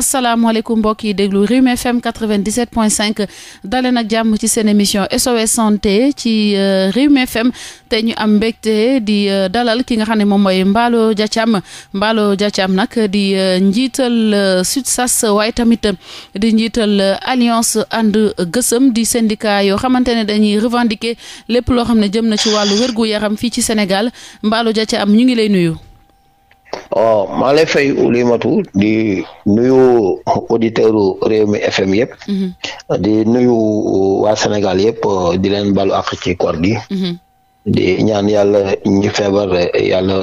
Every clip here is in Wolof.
asalaamaaleykum mbokk yi déglu Rewmi FM 97.5 daleen ak jàmm ci seen émission SOS santé ci euh, Rewmi FM te ñu am mbégte di euh, dalal ki nga xam ne moom mooy Mballo Dia Thiam Mballo Dia Thiam nag di euh, njiital SUTSAS waaye tamit di njiital alliance ànd gësëm di syndicat yoo xamante ne dañuy revendiquer lépp loo xam ne jëm na ci wàllu wérgu yaram fii ci Sénégal Mballo Dia Thiam ñu ngi lay nuyu. waaw oh, maa lay fay Oulimatu di nuyu auditeurs Rewmi FM yëpp. Mhm. di nuyu waa Sénégal yëpp di leen balu ak ci koor gi. Mhm. di ñaan yàlla ñi feebar yàlla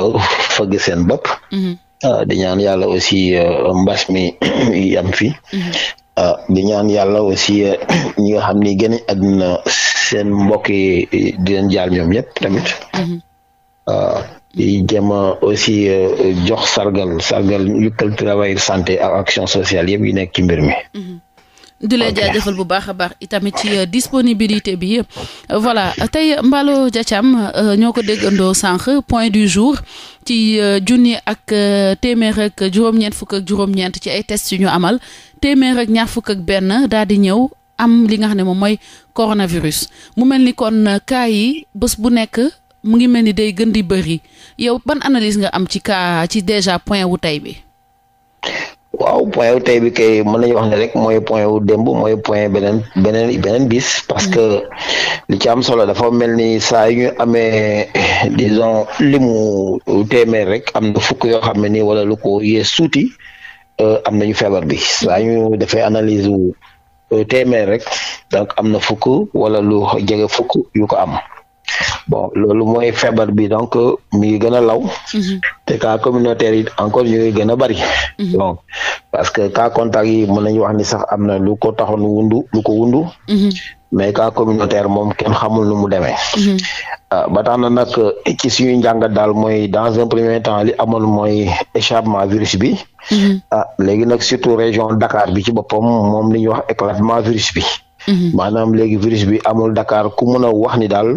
fëgg seen bopp. Mhm. Ah, di ñaan yàlla aussi euh, mbas mi yam fi. Ah, di ñaan yàlla aussi euh, ñi xam ni gën a seen mbokk yi di leen jaar ñoom ñëpp tamit. Euh, di jéem a aussi euh, jox sargal sargal yukkal travail santé ak action sociale yëpp yu nekk ci mbir mi. Mm-hmm. di la jaajëfal bu baax a baax itamit ci euh, disponibilité bi voilà tey Mballo Dia Thiam ñoo ko déggandoo sànq point du jour ci junni ak téeméer ak juróom-ñeent fukk ak juróom ci ay test yu ñu amal téeméer ak ñaar fukk ak benn daal di ñëw am li nga xam ne moom mooy coronavirus mu mel ni kon cas bés bu nekk. mu ngi mel ni day gën di bëri yow ban analyse nga am ci ka ci déjà point wu tey bi. waaw point wu tey bi kay mën nañu wax ne rek mooy point wu démb mooy point beneen beneen beneen bis parce que li ci am solo dafa mel ni saa yu ñu amee disons limu téeméer rek am na fukk yoo xam ne nii wala lu ko yées suuti euh, am nañu feebar bi saa ñu defee analyse wu euh, téeméer rek donc am na fukk wala lu jege fukk yu ko am bon loolu mooy feebar bi donc mi ngi gën a law mhm. te cas communautaire yi encore ñu gën a bëri mhm. donc parce que cas contact yi mën nañu wax ni sax am na lu ko taxoon wundu lu mhm. mais cas communautaire moom kenn xamul nu mu demee ah, ba tax na nag ci suñu njàngat daal mooy dans un premier temps li amoon mooy échappement virus bi ah léegi nag surtout région Dakar bi ci boppam moom li ñuy wax éclatement virus bi Mhm. maanaam léegi virus bi amul Dakar ku mun a wax ni daal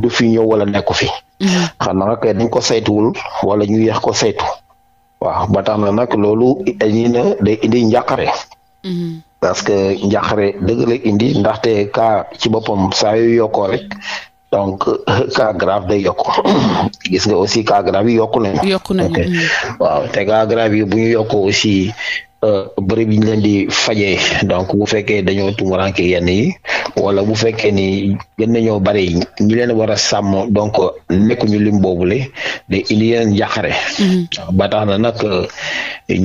du fi ñëw wala nekku fi. Mhm. xanaa nag dañ ko saytuwul wala ñu yéex ko saytu. waaw ba na nag loolu dañuy na day indi njàqare. Mhm. parce que njàqare dëgg la indi ndaxte ka ci boppam saa yu rek. donc cas grave day yokk gis nga aussi cas grave yi yokku nañu. yokku na waaw ñu aussi Euh, bërëb yi ñu leen di faje donc bu fekkee dañoo tumuranke yenn yi wala bu fekkee ni gën nañoo bari ñi leen war a sàmm donc nekkuñu lim boobule day indi yeneen jàqare mm-hmm. ba na nag euh,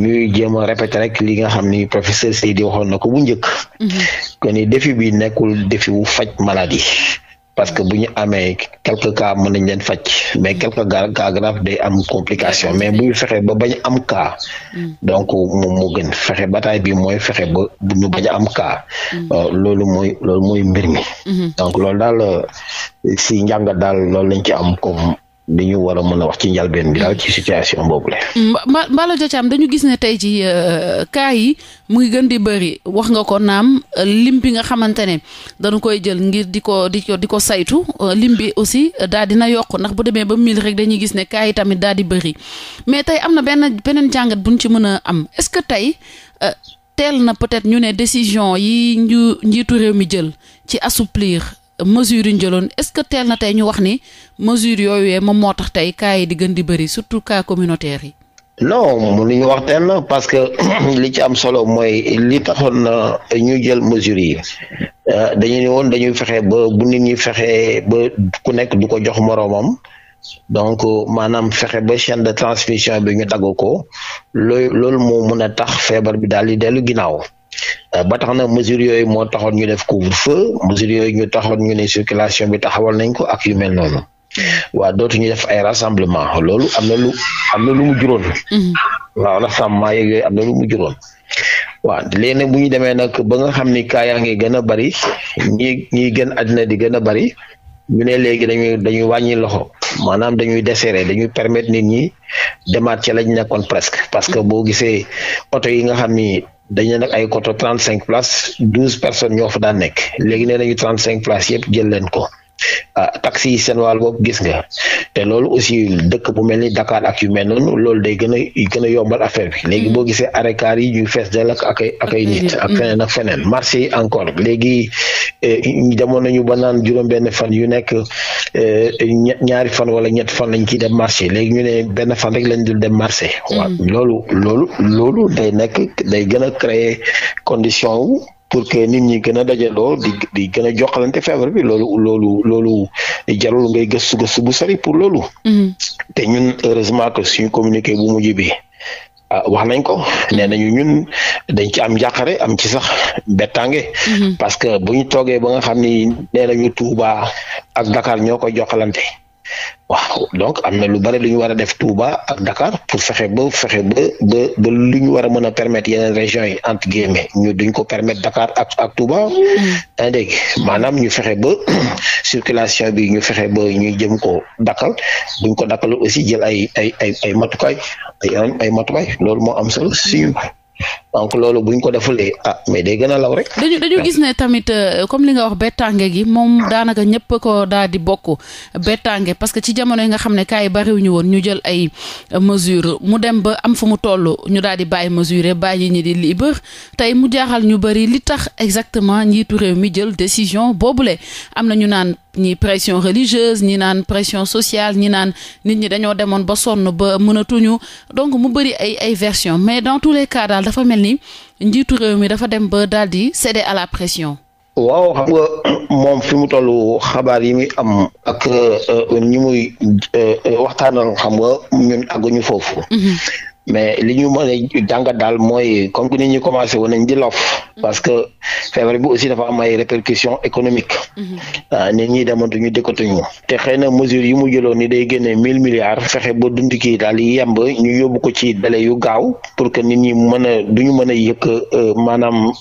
ñuy jéem a répéter rek li nga xam ni professeur Seydi waxoon na ko bu njëkk ko mm-hmm. ni défi bi nekkul défi wu faj maladie parce que bu ñu amee quelques cas mën nañ leen faj mais quelques cas grave day am complication mais bu ñu ba bañ am cas donc moom moo gën fexe bataille bi mooy fexe ba ñu bañ am cas mm. euh, loolu mooy loolu mooy mbir mi mm-hmm. donc loolu daal euh, si njàngat daal loolu lañ am comme li ñu war a mën a wax ci njalbeen bi daal ci situation boobu la. Mm, Mba Mballo Dia Thiam dañu gis ne tey ci euh, cas yi mu ngi gën di bëri wax nga ko naam euh, lim bi nga xamante ne dañu koy jël ngir di ko di ko di ko saytu euh, lim bi aussi daal dina yokk ndax bu demee ba mil rek dañuy gis ne cas yi tamit daal di bëri mais tey am na benn beneen jàngat buñ ci mën a am est-ce que tey teel na peut-être ñu ne décision yi ñu njiitu réew mi jël ci assouplir. mesures yi ñu jëloon est-ce que teel na tey ñu wax ni mesures yooyu moom moo tax tey cas yi di gën di bëri surtout cas communautaire yi. non mënuñu wax teel na parce que li ci am solo mooy li taxoon na ñu jël mesures yi euh, dañu ne woon dañuy fexe ba bu nit ñi fexe ba ku nekk du ko jox moroomam donc maanaam fexe ba chaîne de transmission bi ñu dagg ko looy loolu moo mun a tax feebar bi daal di dellu ginnaaw euh, ba tax na mesure yooyu moo taxoon ñu def couvre-feu mesure yooyu ñu taxoon ñu ne circulation bi taxawal nañ ko ak yu mel noonu waaw dootuñu def ay rassemblement loolu am na lu am na lu mu juróon mm-hmm. waaw rassemblement yeeg yooyu am na lu mu juróon waaw léegi nag bu ñu demee nag ba nga xam ni kaa yaa ngi gën a bari ñi ñiy gën àddina di gën a bari ñu ne léegi dañuy dañuy wàññi loxo maanaam dañuy desserrer dañuy permettre nit ñi demaat ci lañ nekkoon presque parce que boo gisee oto yi nga xam ni dañu nag ay oto trente cinq places douze personnes ñoo fa daan nekk léegi nee nañu trente cinq places yëpp jël leen ko. Ah, taxi yi seen wàll boobu gis nga te loolu aussi dëkk bu mel ni Dakar ak yu mel noonu loolu day gën a gën a yombal affaire bi léegi mm. boo gisee arrêt yi ñu fees dell ak ak ay ak ay nit ak mm. feneen ak feneen marché yi encore léegi eh, demoon nañu ba naan juróom-benn fan yu nekk eh, ñaari fan wala ñett fan lañ ciy dem marché léegi ñu ne benn fan rek lañ dul dem marché mm. loolu loolu loolu day nekk day gën a créer condition pour que nit ñi gën a dajaloo di di gën a joxalante feebar bi loolu loolu loolu jarul ngay gëstu gëstu bu sori pour loolu. Mm-hmm. te ñun heureusement que suñu communiqué bu mujj bi ah, wax nañ ko mm-hmm. nee nañu ñun dañ ci am njàqare am ci sax bettange. Mm-hmm. parce que bu ñu toogee ba nga xam ni nee nañu Touba ak Dakar ñoo koy joxalante. waaw donc am na lu bari lu ñu war a def Touba ak Dakar pour fexe ba fexe ba ba ba lu ñu war a mën a permettre yeneen régions yi entre guillemets ñu duñ ko permettre Dakar ak ak Touba daa mm. dégg maanaam ñu fexe ba circulation bi ñu fexe bo ñu jëm ko dakkal buñ ko dakkal aussi jël ay ay ay ay matukaay ay ay matukaay loolu moo am solo si donc loolu bu buñ ko defulee ah mais day gën a law rek. dañu gis ne tamit euh, comme li nga wax bettange gi moom daanaka ñëpp ko daal di bokk bettange parce que ci jamono yi nga xam ne cas yi bariwuñu woon ñu jël ay mesures mu dem ba am fu mu toll ñu daal di bàyyi mesure bàyyi ñi di libre tey mu jaaxal ñu bari li tax exactement njiitu réew mi jël décision boobu le am na ñu naan. ñi pression religieuse ñi naan pression sociale ñi naan nit ñi dañoo demoon ba sonn ba mënatuñu donc mu bëri ay ay version mais dafa mel ni njiitu réew mi dafa dem ba dal di céder à la pression. waaw xam nga moom fi mu toll xabaar yi muy am ak euh, euh, ñi muy euh, waxtaanal xam nga ñun àgguñu foofu. Mhm. mais li ñu mën a jàngat daal mooy comme que nit ñi commencé woon nañ di lof parce que feebar bi aussi dafa am ay répercussions économiques mhm. ah nit ñi dematuñu dëkkatuñu te xëy na mesure yi mu jëloon ni day génnee mille milliards fexe ba dund kii daal yemb ñu yóbbu ko ci délai yu gaaw pour que nit ñi mën a duñu mën a yëkk euh, maanaam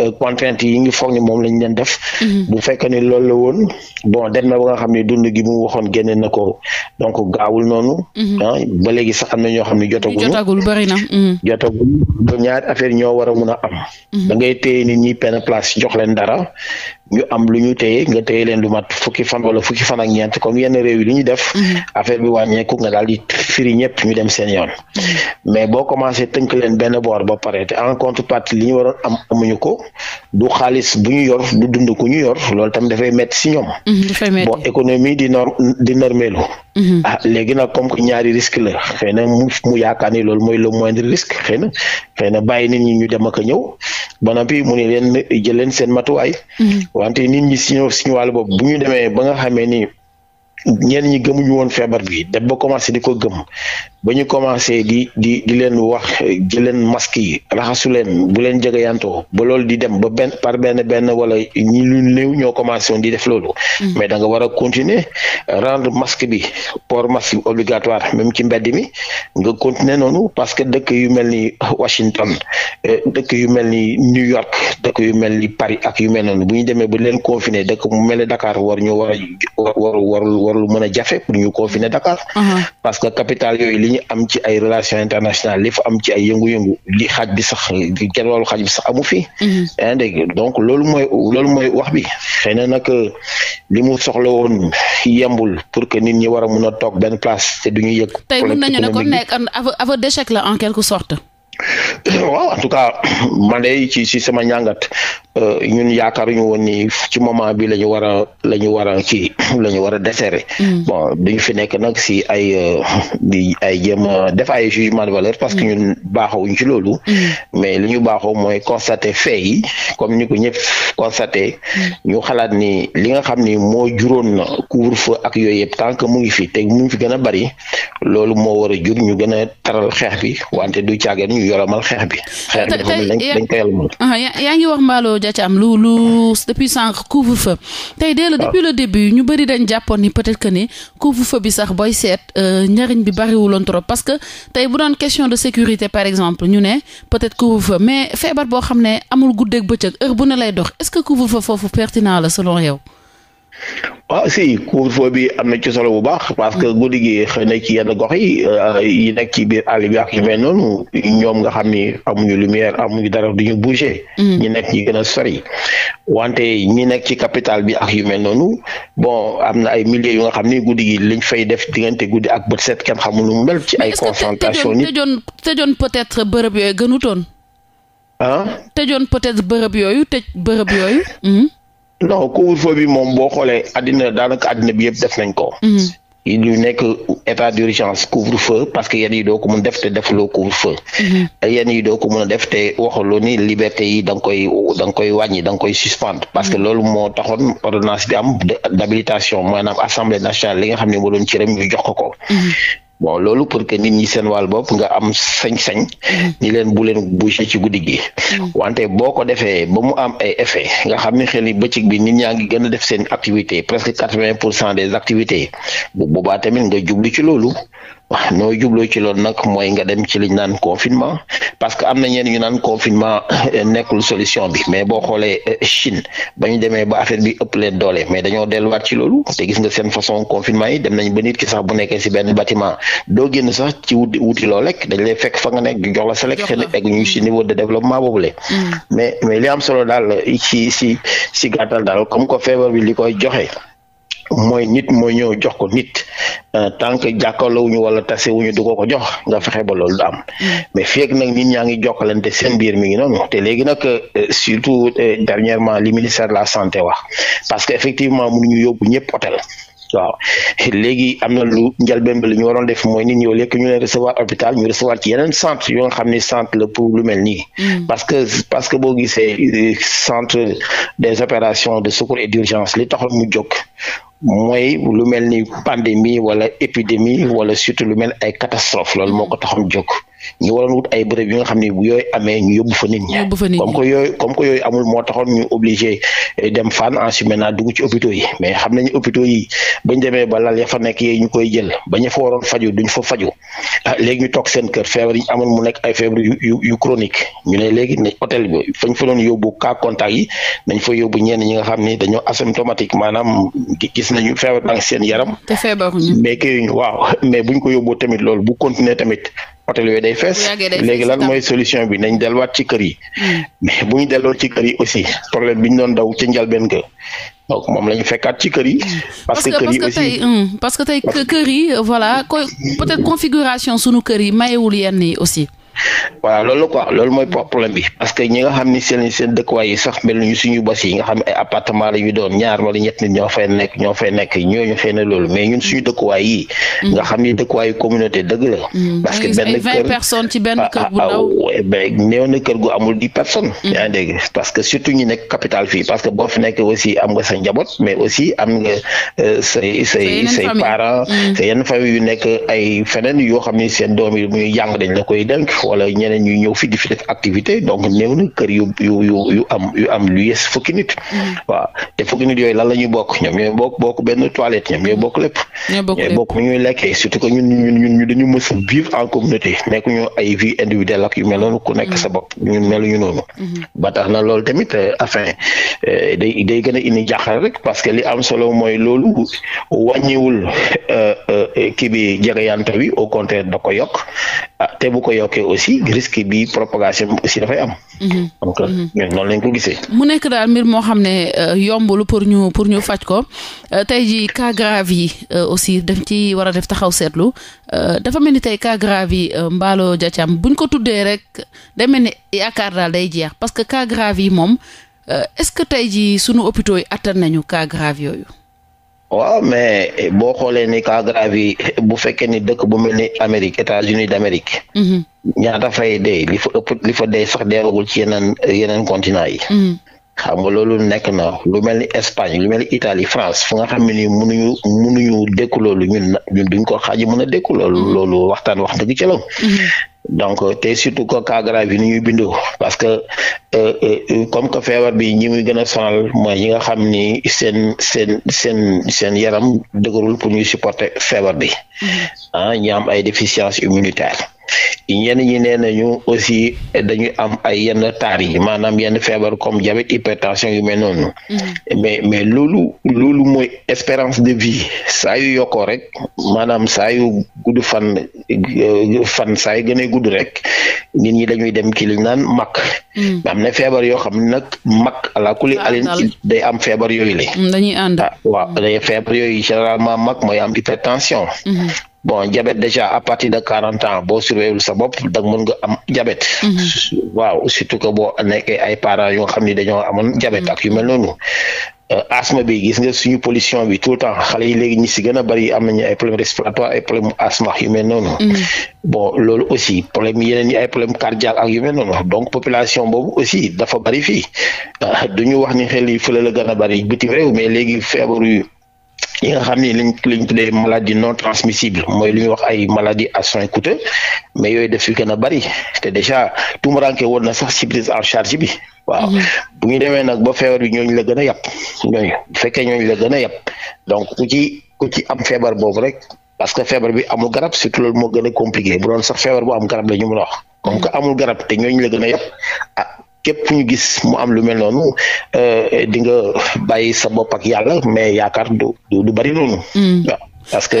euh, contrainte yi ngi foog ni moom lañ leen def mhm. bu fekkee ni loolu la woon bon dem na ba nga xam ne dund gi mu waxoon génne na ko donc gaawul noonu mhm. ah, ba léegi sax am na ñoo xam ne jotaguñu jotagul bëri na. Mm-hmm. jotagul ba ñaari affaire ñoo war a mun a am. Mm-hmm. da ngay téye nit ñi benn place jox leen dara ñu am lu ñu téye nga téye leen lu mat fukki fan wala fukki fan ak ñeent comme yenn réew lu ñu def. Mm-hmm. affaire bi wàññeeku nga daal di firi ñëpp ñu dem seen yoon. Mm-hmm. mais boo commencé tënk leen benn boor ba pare te en contrepartie li ñu waroon am amuñu ko du xaalis bu ñu yor du dund ñu yor lool tam dafay métti si ñoom. Mm-hmm, bon économie di nor di normelu ah léegi nag comme que ñaari risque la xëy na mu mu yaakaar ni mooy le moindre risque xëy na xëy na bàyyi nit ñi ñu dem a ñëw ba noppi mu ne leen jël seen matuwaay. wante nit ñi si ñoom suñu wàll bopp bu ñu demee ba nga xamee ni ñenn ñi gëmuñu woon feebar bi dem ba commencé di ko gëm ba ñu commencé di di di leen wax jëleen masque yi raxasu leen bu leen jege ba loolu di dem ba benn par benn benn wala ñi lu néew ñoo commencé woon di def loolu. Mm. mais da nga war a continuer rendre masque bi port masque obligatoire même ci mbedd mi nga continuer noonu parce que dëkk yu mel ni Washington eh, dëkk yu mel ni New York dëkk yu mel ni Paris ak yu mel noonu bu ñu demee ba leen confiner dëkk mu mel ni Dakar war ñu war a warul mën a jafe pour ñu confiner Dakar. Uh-huh. parce que capitale yooyu li ñu am ci ay relations internationales li fa am ci ay yëngu-yëngu li xaaj bi sax kenn warul xaaj bi sax amu fi. Uh-huh. yaa dégg donc loolu mooy loolu mooy wax bi xëy na nag li soxla woon yembul pour que nit ñi war a a toog benn place te du ñu yëg. tey mën nañu ne kon nekk aveu d'échec la en quelque sorte. waaw en tout cas man de ci ci sama njàngat euh, ñun yaakaaruñu woon ni ci moment bi lañu ñu war a la ñu war a ci la ñu war a desserrer. Mm. bon fi nekk nag si ay euh, di ay jéem def ay jugement de valeur parce que mm. ñun baaxawuñ ci loolu. Mm. mais li ñu baaxoo mooy constater fait yi comme ni ko ñëpp constater. ñu xalaat ni li nga xam ni moo juróon na couvre-feu ak yooyu yëpp tant que mu ngi fi te mu fi gën a bari loolu moo war a jur ñu gën a taral xeex bi wante du caageen yoromal xeex bi. xeex bi moom lañ yaa ngi wax Mballo Dia Thiam lu lu depuis sànq couvre-feu. tey dès le depuis le début ñu bëri dañ jàppoon ni peut-être que ni couvre-feu bi sax booy seet euh, njariñ bi bariwuloon trop parce que tey bu doon question de sécurité par exemple ñu ne peut-être couvre-feu mais feebar boo xam ne amul guddeeg bëccëg heure bu ne lay dox est-ce que couvre-feu foofu pertinent la selon yow. waaw ah, si couvre-feu bi am na ci solo bu baax parce que guddi gi xëy na ci yenn gox yi euh, yi nekk ci biir àll bi ak yu mel noonu ñoom nga xam ni amuñu lumière amuñu dara du ñu bouger. Mm. ñi nekk ñi gën a sori wante ñi nekk ci capital bi ak yu mel noonu bon am na ay milliers yu nga xam ni guddi gi liñ fay def diggante guddi ak bët set kenn xamul mu mel. ci ay concentration nit tëjoon tëjoon peut-être bërëb yooyu gënutoon. ah tëjoon peut-être bërëb yooyu tëj bërëb yooyu. Mm-hmm. non couvre-feu bi moom boo xoolee àddina na àddina bi yëpp def nañ ko. ñu mhm. nekk état d'urgence couvre-feu parce que yenn yi doo ko mën def te defloo couvre-feu. Mhm. yenn yi doo ko mën a def te ni liberté yi da nga koy da nga koy wàññi da nga koy suspendre. parce que mhm. loolu moo taxoon ordonnance bi am d'habilitation maanaam assemblée nationale li nga xam ne moo doon cëram ñu jox ko ko. bon loolu pour que nit ñi seen wàll bopp nga am sañ-sañ ñi leen bu leen bouger ci guddi gi wante boo ko defee ba mu am ay effet nga xam ni xel yi bëccëg bi nit ñaa ngi gën a def seen activité presque quatre-vingt pour cent des activités bu boobaa tamit nga jublu ci loolu wax noo jubloo ci loolu nag mooy nga dem ci naan confinement parce que am na ñeen ñu naan confinement eh, nekkul solution bi mais boo xoolee eh, Chine ba demee ba affaire bi ëpp leen doole mais dañoo delluwaat ci loolu te gis nga seen façon confinement yi dem nañ ba nit sax bu nekkee si benn doo génn sax ci wuti lekk dañ lay fekk fa nga nekk jox la sa lekk egg si mm. niveau de développement boobule mm. mais mais solo daal ci si si gàttal daal comme ko feebar mooy nit mooy ñëw jox ko nit euh, tant que jàkkaarloowuñu wala tase wuñu du ko ko jox nga fexe ba loolu du am mm. mais fekk nag nit ñaa ngi jokkalante seen mbir mi ngi noonu te léegi nag euh, surtout euh, dernièrement li ministère de la santé wa parce que effectivement mu ñu yóbbu ñëpp hôtel waaw léegi am na lu njëlbeen bi la ñu waroon def mooy nit ñoo lekk ñu leen recevoir hôpital ñu recevoir ci yeneen centre yoo nga xam ni centre la pour lu mel nii mm. parce que parce que boo gisee centre des opérations de secours et li taxoon mu jóg mooy lu mel ni pandémie wala épidémie wala surtout lu mel ay catastrophe loolu moo ko taxam jóg ñu waroon wut ay bërëb yi nga xam ne bu yooyu amee ñu yóbbu fa nit ñi comme que yooyu comme que amul moo taxoon ñu obligé dem fan ensuite maintenant dugg ci opito yi mais xam nañu hôpitaux yi bañ demee ba lal ya fa nekk yooyu ñu koy jël ba ñu fa waroon duñ fa faju ah ñu toog seen kër feebar yi ñu amoon mu nekk ay feebar yu yu chronique ñu ne léegi ne hôtel bi fañ fa doon yóbbu cas contact fa yóbbu ñenn ñi nga xam ne dañoo asymptomatique maanaam gis nañu feebar ba seen yaram mais waaw mais buñ ko yóbboo tamit lool bu continuer tamit hôtel yooyu day fees léegi lan mooy solution bi nañ delluwaat ci kër yi hmm. mais bu ñu delloo ci kër yi aussi problème bi ñu doon daw ci njalbeen ga donc moom la ñu fekkaat ci kër yi. Hmm. parce que kër aussi hmm, parce que tey kër yi voilà peut-être configuration sunu kër yi mayewul yenn yi aussi. voilà loolu la loolu mooy problème bi parce que ñi nga xam ni seen seen dëkkuwaay yi sax mel nañu suñu bos yi nga xam ne ay appartement la ñu doon ñaar ñett nit ñoo nekk ñoo fay nekk ñooñu fay na loolu mais suñu dëkkuwaay mm. nga xam ni dëkkuwaayu communauté dëgg la. Mm. parce que benn kër vingt personnes ci benn ah, kër ah, bu ah, na kër gu amul di personnes. Mm. yaa ngi dégg parce que surtout ñu nekk capital fii parce que boo fi nekk aussi am nga sa njaboot mais aussi am nga euh, say say say parents. sa yenn famille yu nekk ay feneen yoo xam ni seen doom yi muy jàng dañ la koy denk wala ñeneen ñuy ñëw fi di fi def activité donc néew na kër yu yu yu yu am yu am lu yees mm-hmm. te fukki yooyu lan la ñuy bokk ñoom ñooy bokk bokk benn toilette ñoom ñooy bokk lépp ñooy bokk nu ñuy lekkee surtout que ñun ñun ñun ñu dañu mës vivre en communauté nekk ñu ay vie individuelle ak yu mel noonu ku nekk ñun meluñu noonu mm-hmm. na loolu tamit euh, afin euh, day day gën a indi rek parce que li am solo mooy loolu wàññiwul euh, kii bi jegeyante wi au contraire da ko yokk ah, te bu ko yokkee aussi risque bi propagation bi aussi dafay am. Mhm. donc euh, mhm. ñun mu nekk daal mbir moo xam ne euh, yombul pour ñu pour ñu faj ko euh, tey ji cas yi aussi daf ci war a def taxaw seetlu dafa mel ni tey cas grave yi Mballo Dia buñ ko tuddee rek day mel ni yaakaar daal day jeex parce que cas yi moom est-ce que tey ji sunu hôpitaux yi attan nañu cas yooyu. waaw mais eh, boo xoolee ni ka grave bu fekkee ni dëkk bu mel ne Amérique États-Unis d'Amérique. Mhm. ñaata fay dee li fa ëpp li de dee sax deewagul ci yeneen yeneen continent yi. Mhm. xam nga loolu nekk na lu mel ni Espagne lu mel ni Italie France fu nga xam ne ni mënuñu mënuñu dékku loolu ñun ñun duñ ko xaaji mën a dékku loolu mhm. loolu waxtaan wax dëgg ci donc euh, te surtout que cas grave yi ni ñuy bindoo parce que euh, euh, comme que feebar bi ñi muy gën a sonal mooy ñi nga xam ni seen seen seen seen yaram dëgërul pour ñuy supporter feebar bi mm-hmm. ah ñi am ay déficience immunitaire ñenn ñi nee nañu aussi dañuy am ay yenn taar maanaam yenn feebar comme diabète hypertension yu mel noonu mm-hmm. mais mais loolu loolu mooy espérance de vie saa yu rek maanaam saa yu gudd fan euh, fan saa yu gën a gudd rek nit ñi dañuy dem ci li naan mag mm. am na feebar yoo xam ne nag mag ala kuli alin day am feebar yooyu la mm, dañuy ànd ah, waaw day feebar généralement mag mooy am hypertension mm-hmm. bon diabète déjà à partir de quarante ans bo surveillul sa bopp dag mën nga am diabète mhm. boo nekkee ay yoo xam ni dañoo amoon diabète ak yu noonu euh, asthme bi gis nga suñu pollution bi tout le temps xale yi léegi ñi si gën a bari am nañu ay problème respiratoire ay problème asthme yu mel noonu mhm. bon loolu aussi problème yeneen yi ay problème cardiaque ak yu mel noonu donc population boobu aussi dafa bari fii euh, duñu wax ni xel yi a bari bitim réew mais léegi feebaru yi nga xam ni liñ liñ tuddee maladie non transmissible mooy lu ñuy wax ay maladie à soins coûteux mais yooyu daf fi gën a bari te déjà tumuranke woon na sax ci prise bi waaw mm-hmm. bu ñu demee nag ba feebar bi ñooñu la gën a yàpp ñooñu bu fekkee ñooñu la gën a yàpp donc ku ci ku ci am feebar boobu rek parce que feebar bi amul garab surtout loolu moo gën a compliqué bu doon sax feebar bo am garab la ñu mën a wax comme amul garab te ñooñu la gën a yàpp ah, képp ñu gis mu am lu mel noonu euh, di nga bàyyi sa bopp ak yàlla mais yaakaar du du bari noonu. Mm. parce que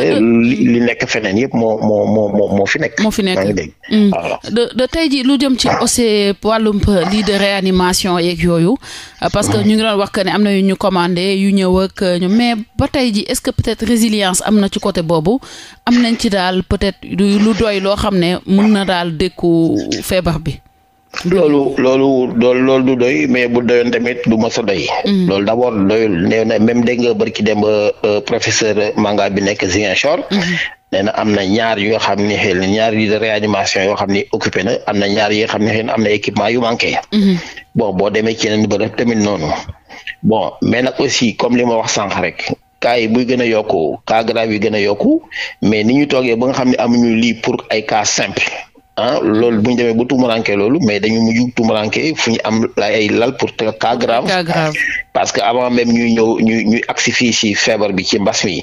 li nekk feneen yëpp moo moo moo moo fi nekk. moo fi nekk maa ngi dégg. Mm. tey jii lu jëm ci aussi wàllum lii de réanimation yeeg yooyu. parce que mm. ñu ngi doon wax que ne am na ñu commandé yu ñëw ak ñu mais ba tey jii est-ce que peut résilience am na ci côté boobu am nañ ci daal peut-être lu doy loo xam ne mën na daal dékku feebar bi. loolu loolu loolu du doy mais bu doyoon tamit du mës a doy. Mm. loolu d' abord doyul nee na même dégg nga barki dem euh, professeur Manga bi nekk Ziguinchor. Mm-hmm. nee na am na ñaar yoo xam ne xëy na ñaar yi réanimation yoo xam ne occupé na am na ñaar yoo xam ne xëy na am na équipement yu manqué. Mm-hmm. bon bo demee ci yeneen bërëb tamit noonu bon mais nag aussi comme li ma wax sànq rek. cas yi buy gën a yokku cas grave yi gën a yokku mais ni ñu toogee ba nga xam ne amuñu li pour ay cas simple. ah loolu bu ñu demee ba tuumaranke loolu mais dañu mujj tuumaranke fu ñu am ay lal pour cas grave parce que avant même ñuy ñëw ñu ñuy agsi fii si feebar bi ci mbas mi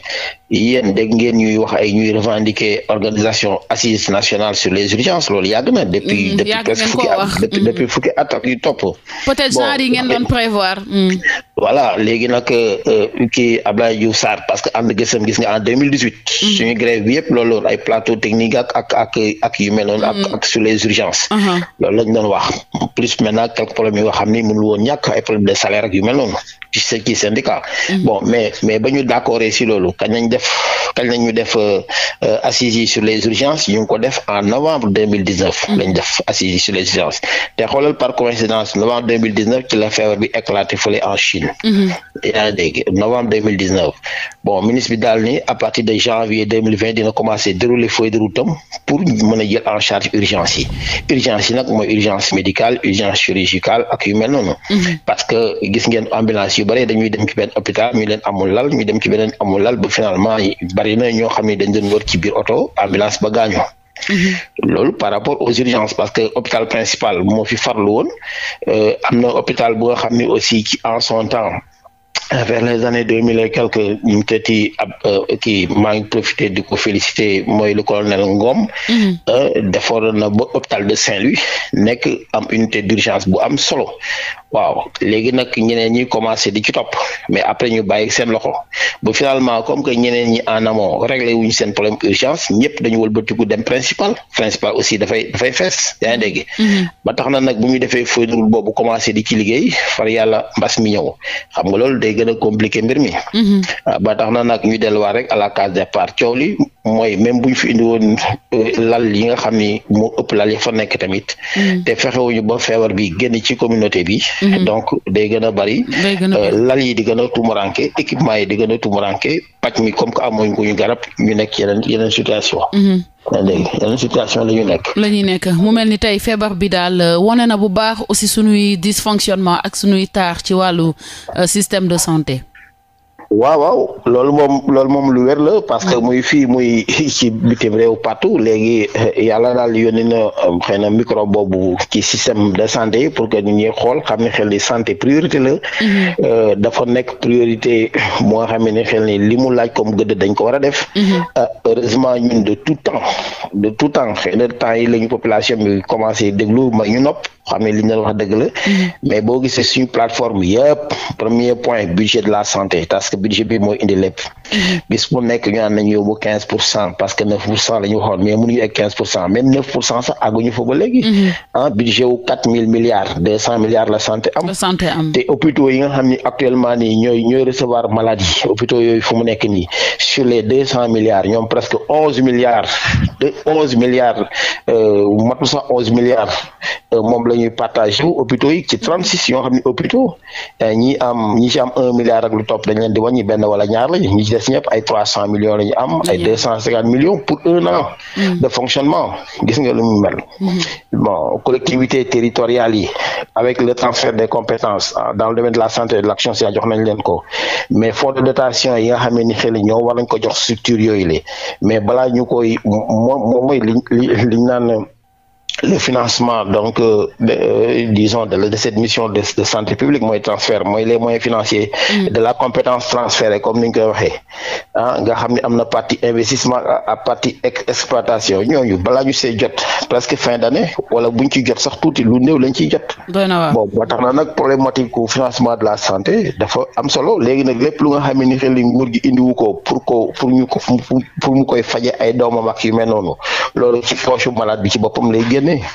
yéen dégg ngeen ñuy wax ay ñuy revendiquer organisation assise nationale sur les urgences loolu yàgg na. depuis mm, depuis presque fukki at mm. depuis fukki at ak yu topp. peut-être genre yi ngeen doon prévoir. Mm. voilà léegi nag euh, kii Abdoulaye Diouf parce que ànd gësam gis nga en deux mille grève bi yëpp loolu ay plateau technique yu mel noonu. Mm-hmm. ak sur les urgences. Mm-hmm. loolu lañ doon wax plus maintenant quelques problèmes yoo xam ni mënul woon ñàkk ay problèmes de salaire ak yu mel ci sa kii syndicat. Mm-hmm. bon mais mais ba ñu d'accord si loolu kañ lañ def kañ euh, euh, sur les urgences ñu ko def en novembre deux mille dix mm-hmm. def assises sur les urgences te xoolal par coïncidence novembre deux la feebar bi éclaté fële en Chine. Mm-hmm. yaa ngi dégg novembre deux mille dix neuf bon ministre bi daal ni à partir de janvier deux mille vingt dina commencer dérouler feuille de route am pour mën a jël en charge urgence yi urgence yi nag mooy urgence médicale urgence chirurgicale ak yu mel noonu. parce que gis ngeen ambulance ci bare dañuy dem ci benn hôpital ñu leen amul lal ñu dem ci beneen amul lal ba na ñoo xam ne dañ leen wër ci biir oto ambulance ba gaañoo. Mhm. loolu par rapport aux urgences parce que hôpital principal moo fi farlu woon euh, am na hôpital bu xam ne aussi ci en son temps vers les années deux mille et quelques ñu mu tëti ab euh, kii maa ngi profité di ko féliciter mooy le colonel Ngom mhm. euh, defoon na ba hôpital de Saint-Louis nekk am unité d'urgence bu am solo waaw léegi nag ñeneen ñi commencé di ci topp mais après ñu bàyyi seen loxo ba finalement comme que ñeneen ñi en amont réglé wuñ seen problème urgence ñëpp dañu wëlbatiku dem principal principal aussi dafay dafay fees yaa ngi dégg. Mm-hmm. ba tax na bu ñu defee feuille de route boobu commencé di ci liggéey far yàlla mbas mi ñëw xam nga loolu day gën a mbir mi. Mm-hmm. ba tax na nag ñu delluwaat rek à la case départ coow li mooy même bu ñu fi indi woon euh, lal yi nga xam ni moo ëpp lal yi fa nekk tamit. Mm. te fexewuñu ba feebar bi génn ci communauté bi. Mm-hmm. donc day gën a euh, bari. lal yi di gën a tumuranke équipement yi di gën a tumuranke mi comme que amuñ ko ñu garab ñu nekk yeneen yeneen situation. Mm-hmm. dégg yeneen situation la ñu nekk. la nekk mu mel ni tey feebar bi daal euh, wane na bu baax aussi suñuy dysfonctionnement ak suñuy taar ci wàllu système de santé. waaw waaw lool moom loolu moom lu wér la parce que mm. muy fii muy ci bitim réew partout léegi eh, yàlla daal yónni na euh, xëy na micro boobu ci système de santé pour que ñu ñi xool xam ne xel ni santé priorité la mm-hmm. euh, dafa nekk priorité moo xam ne xel ni li mu laaj comme gëdd dañ ko war a def mm-hmm. euh, heureusement de tout temps de tout temps xëy na temps yi lañu population bi commencé déglu ñu nopp xam ne li ñu wax dëgg la mm-hmm. mais boo gisee suñu plateforme yëpp premier point budget de la santé budget bi mooy indi lépp bis bu nekk ñu naan nañu yóbbu parce que neuf pour cent la ñu xool mais mënuñu ak quinze pour cent même neuf pour cent sax àgguñu fa ba léegi mm-hmm. ah budget wu quatre mille milliards deux cent milliards la santé am te hôpitaux yi nga xam ne actuellement nii ñooy ñooy maladie hôpitaux yooyu fu mu nekk nii sur les deux cent milliards ñoom presque onze milliards de euh, sax onze milliards Euh, moom la ñuy partagé wu hôpitaux yi ci trente six yoo xam ne hôpitaux euh, ñi am ñi un milliard ak lu topp leen di wàññi benn wala ñaar lañu ñi ci des ñëpp trois cent millions la am ay millions pour un an mm. de fonctionnement gis nga lu mu mel mm-hmm. avec le transfert des compétences ah, dans le domaine de la santé de l'action sociale jox nañ leen ko mais fonds de dotation yi nga xam ko jox structure yooyu la mais balaa ñu koy moom mooy li li le financement donc euh, de, euh, disons cette mission de, de santé publique mooy transfert mooy les moyens financiers mm. de la compétence transférée comme ni ñu koy waxee ah nga xam ne am na partie investissement à partie exploitation ñooñu balaa ñu see jot presque fin d'année wala buñ ci jot sax tuuti lu néew lañ ciy jot bon ba tax na nag problématique ku financement de la santé dafa am solo léegi nag lépp lu nga xam ni xel nguur gi indiwu ko pour ko pour ñu ko pour mu koy faje ay doomam ak yu noonu loolu ci bi ci boppam lay génne année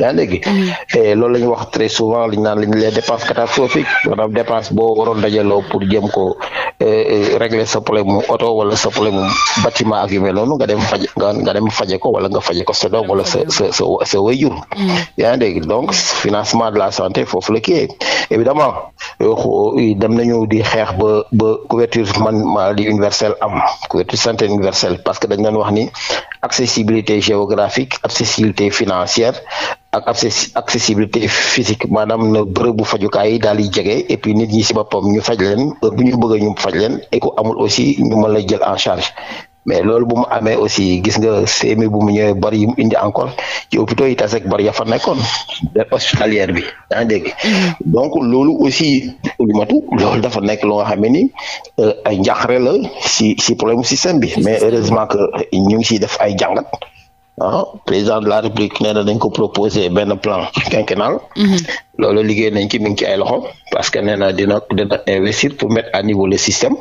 yaa ngi dégg mm. et eh, loolu la ñu wax très souvent li ñu naan les dépenses catastrophiques maanaam dépense boo waroon dajaloo pour jëm ko eh, eh, régler sa problème mu oto wala sa problème mu bâtiment ak yu mel noonu nga dem faj nga dem faje ko wala nga faje ko wala sa sa sa sa wayjur mm. yaa donc mm. financement de la santé foofu la kii évidemment euh, euh, dem nañu di xeex ba ba couverture man maladie universelle am couverture santé universelle parce que dañ doon wax ni accessibilité géographique accessibilité financière ak accessibilité physique maanaam na bërëbu fajukaay yi daal di jege et puis nit ñi si boppam ñu faj leen bu ñu bëgg ñu faj leen et ku amul aussi ñu mën la jël en charge mais loolu bu mu amee aussi gis nga CMU bu mu ñëwee bor yi mu indi encore ci hôpitaux yi taseeg bor ya fa nekkoon de hospitalière bi daa dégg mm-hmm. donc loolu aussi matu loolu dafa nekk lu nga xam ne ni euh, ay njàqare la si si problème système bi mais heureusement que ñu ngi siy def ay jàngat ah président de la république nee na dañ ko proposé benn plan quinquennal. Mhm. loolu liggéey nañ ci mi ngi loxo parce que nee na investir pour mettre à niveau le système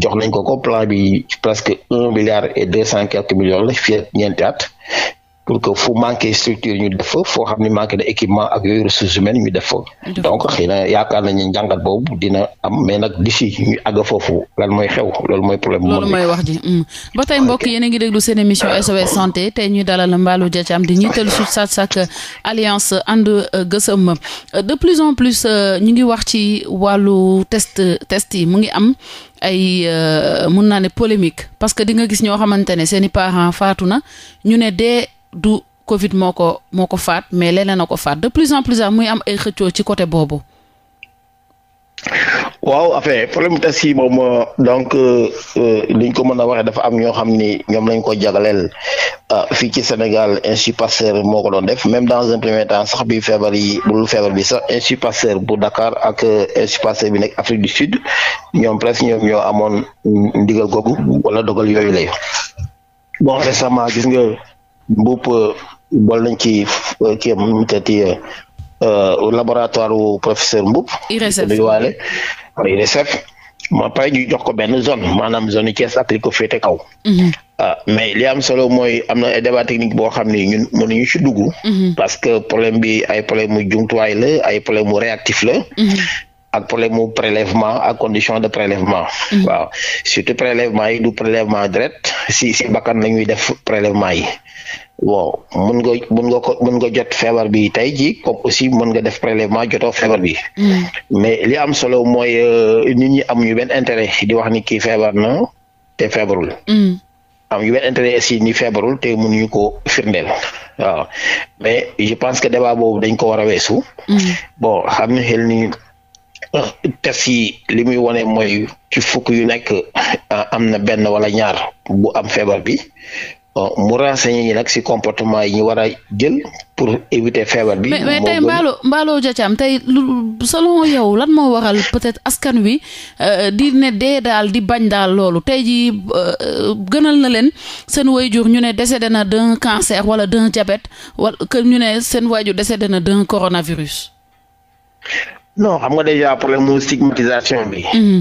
jox nañ plan bi presque un milliard et deux cent quelques millions la fii pour que fu manqué structure ñu def fa foo xam ne manqué na équipement ak yooyu ressources humaines ñu def fa donc xëy na yaakaar boobu dina am mais nag ñu àgg foofu lan mooy xew loolu mooy problème loolu mooy wax ji hmm. ba tey mbokk yéen a ngi déglu seen émission SOS ah, santé tey ñu dalal Mballo Dia Thiam di njiital SUTSAS ak alliance ànd gësëm de plus en plus euh, ñu ngi wax ci wàllu test test yi mu ngi am ay euh, mun naa ne polémique parce que di gis ñoo xamante ne seen i parents ñu ne dee du Covid moo ko moo ko faat mais leneen a ko faat de plus en plus à muy am ay xëccoo ci côté boobu. waaw affaire problème test yi moom donc liñ euh, euh, ko mën a waxee dafa am ñoo xam ni ñoom lañ ko a euh, fii ci Sénégal Institut Pasteur moo ko doon def même dans un premier temps sax bi feebar yi bul feebar bi sax Institut Pasteur bu Dakar ak Institut Pasteur bi nekk Afrique du Sud ñoom presque ñoom ñoo amoon ndigal googu wala dogal yooyu lay bon récemment gis nga. mbuup euh, bol nañ ci euh, kii am nu mu tëddi euh, laboratoire wu professeur Mboup. IRESSEF di ma pare ñu jox ko benn zone maanaam zone Thiès ak li ko kaw. Mhm. ah mais li am solo mooy am na débat technique boo xam ni ñun mënuñu ci dugg. Mhm. parce que problème bi ay problème mu jumtuwaay la ay problème mu réactif la. Mhm. ak problème mu prélèvement ak condition de prélèvement mhm. waaw surtout prélèvement yi du prélèvement direct si si bakkan la ñuy def prélèvement yi bon mun nga mun nga ko mun nga jot feebar bi tey ji comme aussi mun nga def prélèvement jotoo feebar bi mhm. mais li am solo mooy euh, nit ñi amuñu benn intérêt di wax ni feebar na te feebarul mhm. am yu benn intérêt si ni feebarul te mënuñu ko firndeel waaw mais je pense que débat boobu dañ ko war a weesu bon xam xel ni test yi limuy muy wane mooy ci fukk yu nekk ah, am na benn wala ñaar bu am feebar bi mu renseigné ñi nag si comportement yi ñu war a jël pour éviter feebar bi. mais tey Mballo Mballo Dia Thiam tey selon yow lan moo waral peut-être askan wi euh, di ne dee daal di bañ daal loolu tey jii euh, gënal na leen seen wayjur ñu ne décédé na d'un cancer wala d'un diabète wala que ñu ne seen wayjur décédé na d'un coronavirus. non xam nga déjà problème mu stigmatisation bi. Mm-hmm.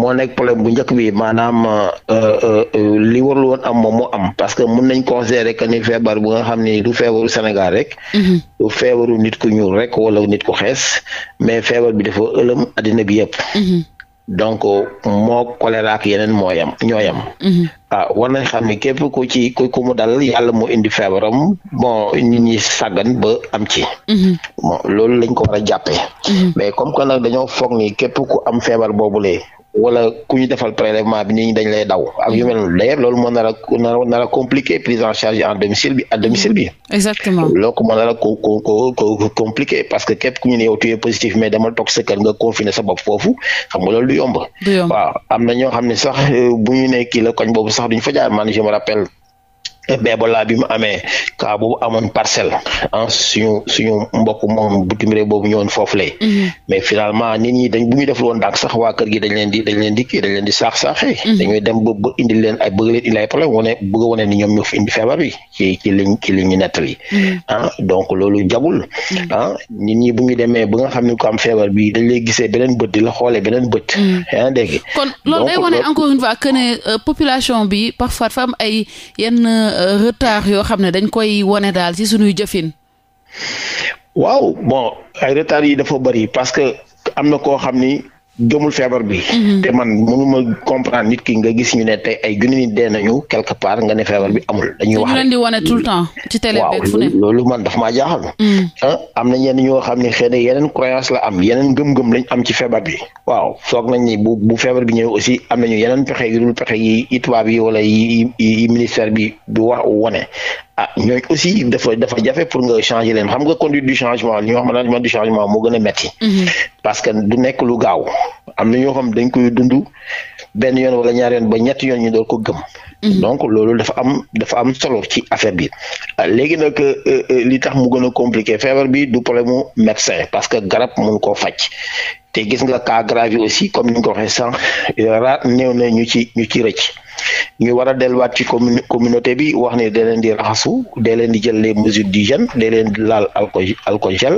moo nekk problème bu njëkk bi maanaam euh, euh, euh, li warul woon am moom moo am parce que mun nañ considérer que ni feebar bu nga xam ni du feebaru Sénégal rek. Mm-hmm. du feebaru nit ku ñuul rek wala nit ku xees mais feebar bi dafa ëlëm addina bi yëpp. Mm-hmm. donc moo choléra ak yeneen moo yam ñoo yam mhm. ah war nañ xam ké képp ci ku mu dal yàlla indi feebaram bon nit ñi sàggan ba am ci mhm. bon loolu lañ ko war a jàppee mhm. mais comme que nag dañoo foog ni képp ku am feebar boobulee wala ku ñu defal prélèvement bi nii dañ lay daw ak yu mel a nar a compliqué prise en charge en domicile bi à domicile bi. exactement loolu moo nar a compliqué parce que képp ku ne yow tu positif mais dama toog sa kër nga confiné foofu xam nga du yomb. du am na ñoo ne sax euh, bu ne kii la koñ sax duñ fa jaar man je Ebola eh, bi mu amee cas boobu amoon parcelle en suñu suñu mbokk moom bitim réew boobu ñëwoon foofu lay mm-hmm. mais finalement nit ñi dañ bu ñu def loon daak sax waa kër gi dañ leen di dañ leen di kii dañ leen di saax-saaxee mm-hmm. dañuy dem ba ba indi leen ay bëgg leen indi ay problème wane bëgg ñoom ñoo indi feebar bi ci liñ ci li ñu mm-hmm. donc loolu jabul nit ñi bu demee ba nga xam ne ko am feebar bi dañ lay gisee beneen bët di la xoolee beneen bët yaa dégg kon loolu day wane encore une fois que ne euh, population bi parfois dafa am retard yoo xam ne dañ koy wone daal ci suñuy jëfin. waaw bon ay retard yi dafa bëri parce que am na koo xam ni gëmul feebar bi. Mhm. te man mënuma comprendre nit ki nga gis ñu ne tey ay junni nit dee nañu quelque part nga ne feebar bi amul. dañuy wax leen di wane tout le temps ci télé beeg maa jaaxal. Mhm. ah am na ñenn ñoo xam ne xëy na yeneen croyance la am yeneen gëm-gëm lañ am ci feebar bi. waaw foog nañ ni bu bu feebar bi ñëwee aussi am nañu yeneen pexe yu dul pexe yi tubaab yi wala yi yi ministère bi du wax wone ah ñooñu aussi dafa dafa jafe pour nga changer leen xam nga conduite du changement li ñuy wax management du changement moo gën a metti mhm. parce que du nekk lu gaaw am na ñoo dañ koy dund benn yoon wala ñaar yoon ba ñetti yoon ñu dool ko gëm. Mhm. donc loolu dafa am dafa am solo ci affaire bi ah, léegi nag euh, euh, li tax mu gën a compliqué feebar bi du problème mu médecin parce que garab mun koo faj. te gis nga cas grave aussi comme ni nga ko waxee sànq ra néew na ñu ci ñu ci rëcc ñu war a delluwaat ci commune communauté bi wax ne da leen di raxasu da leen di jël les mesures d'hygiène da leen di laal alcool alcool gel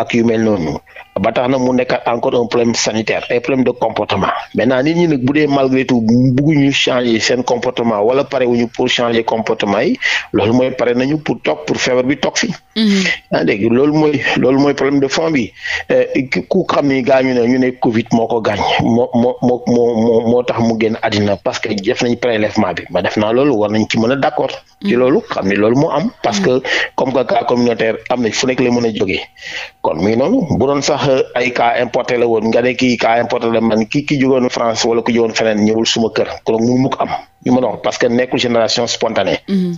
ak yu mel noonu ba tax na mu nekkaat encore un problème sanitaire ay problème de comportement maintenant nit ñi nag bu dee malgré tout bugguñu changer seen comportement wala pare wuñu pour changer comportement yi loolu mooy pare nañu pour toog pour feebar bi toog fi mm-hmm. ah dégg loolu mooy loolu mooy problème de fond bi eh, ku xam ni gaañu ne ñu ne Covid moo ko gaañ moo moo mo moo moo tax mu génn addina parce que def nañ prélèvement bi ma def naa loolu war nañ ci mën a d'accord ci mm-hmm. loolu xam ni loolu moo am parce que mm-hmm. comme que cas am na fu nekk la mën a jógee kon ay cas importé la nga ne kii cas importé ki ki jógoon France wala ku jógoon feneen ñëwul suma kon mu am ñu parce que nekkul génération spontanée. Mm-hmm.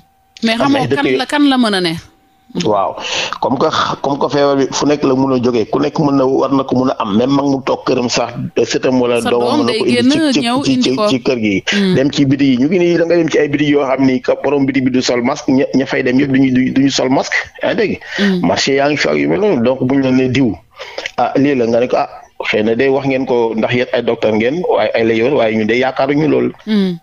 mais xamoo kan la kan la waaw comme que comme que feebar bi fu nekk la mun a jógee ku nekk mën na war na ko mun a am même mag mu toog këram sax sëtam wala doomam na ko indi ci kër gi mm. dem ci biti yi ñu ngi nii da dem ci ay biti yoo xam ni ka borom biti bi du sol masque ña fay dem yëpp duñu duñu sol masque yaa dégg mm. marché yaa ngi fi ak yu mel donc buñ ne diw ah lii la nga ne ko ah xëy na day wax ngeen ko ndax yéen ay docteur ngeen waaye ay lay yoon waaye ñun de yaakaaruñu hmm. loolu.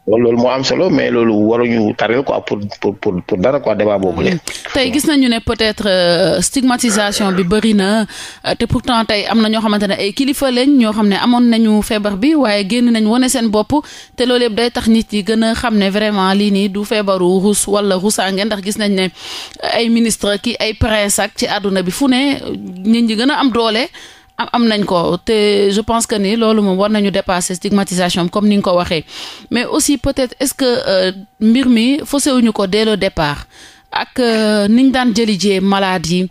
loolu moo am solo mais loolu waruñu tareel quoi pour pour pour dara quoi débat boobu leen. Hmm. tey gis nañu ne peut-être euh, stigmatisation bi bëri na euh, te pourtant tey am na ñoo xamante ne ay kilifa lañ ñoo xam ne amoon nañu feebar bi waaye génn nañ wane seen bopp te lool yëpp day tax nit yi gën a xam ne vraiment lii nii du feebaru rus wala rusaange ndax gis nañ ne ay ministre ki ay prince ak ci àdduna bi fu ne nit ñi gën a am doole. am nañ ko te je pense que nii loolu moom war nañu dépasser stigmatisation comme ni ko waxee mais aussi peut-être est-ce que euh, mbir mi faussewuñu ko dès le départ ak euh, niñ daan jëli jee malade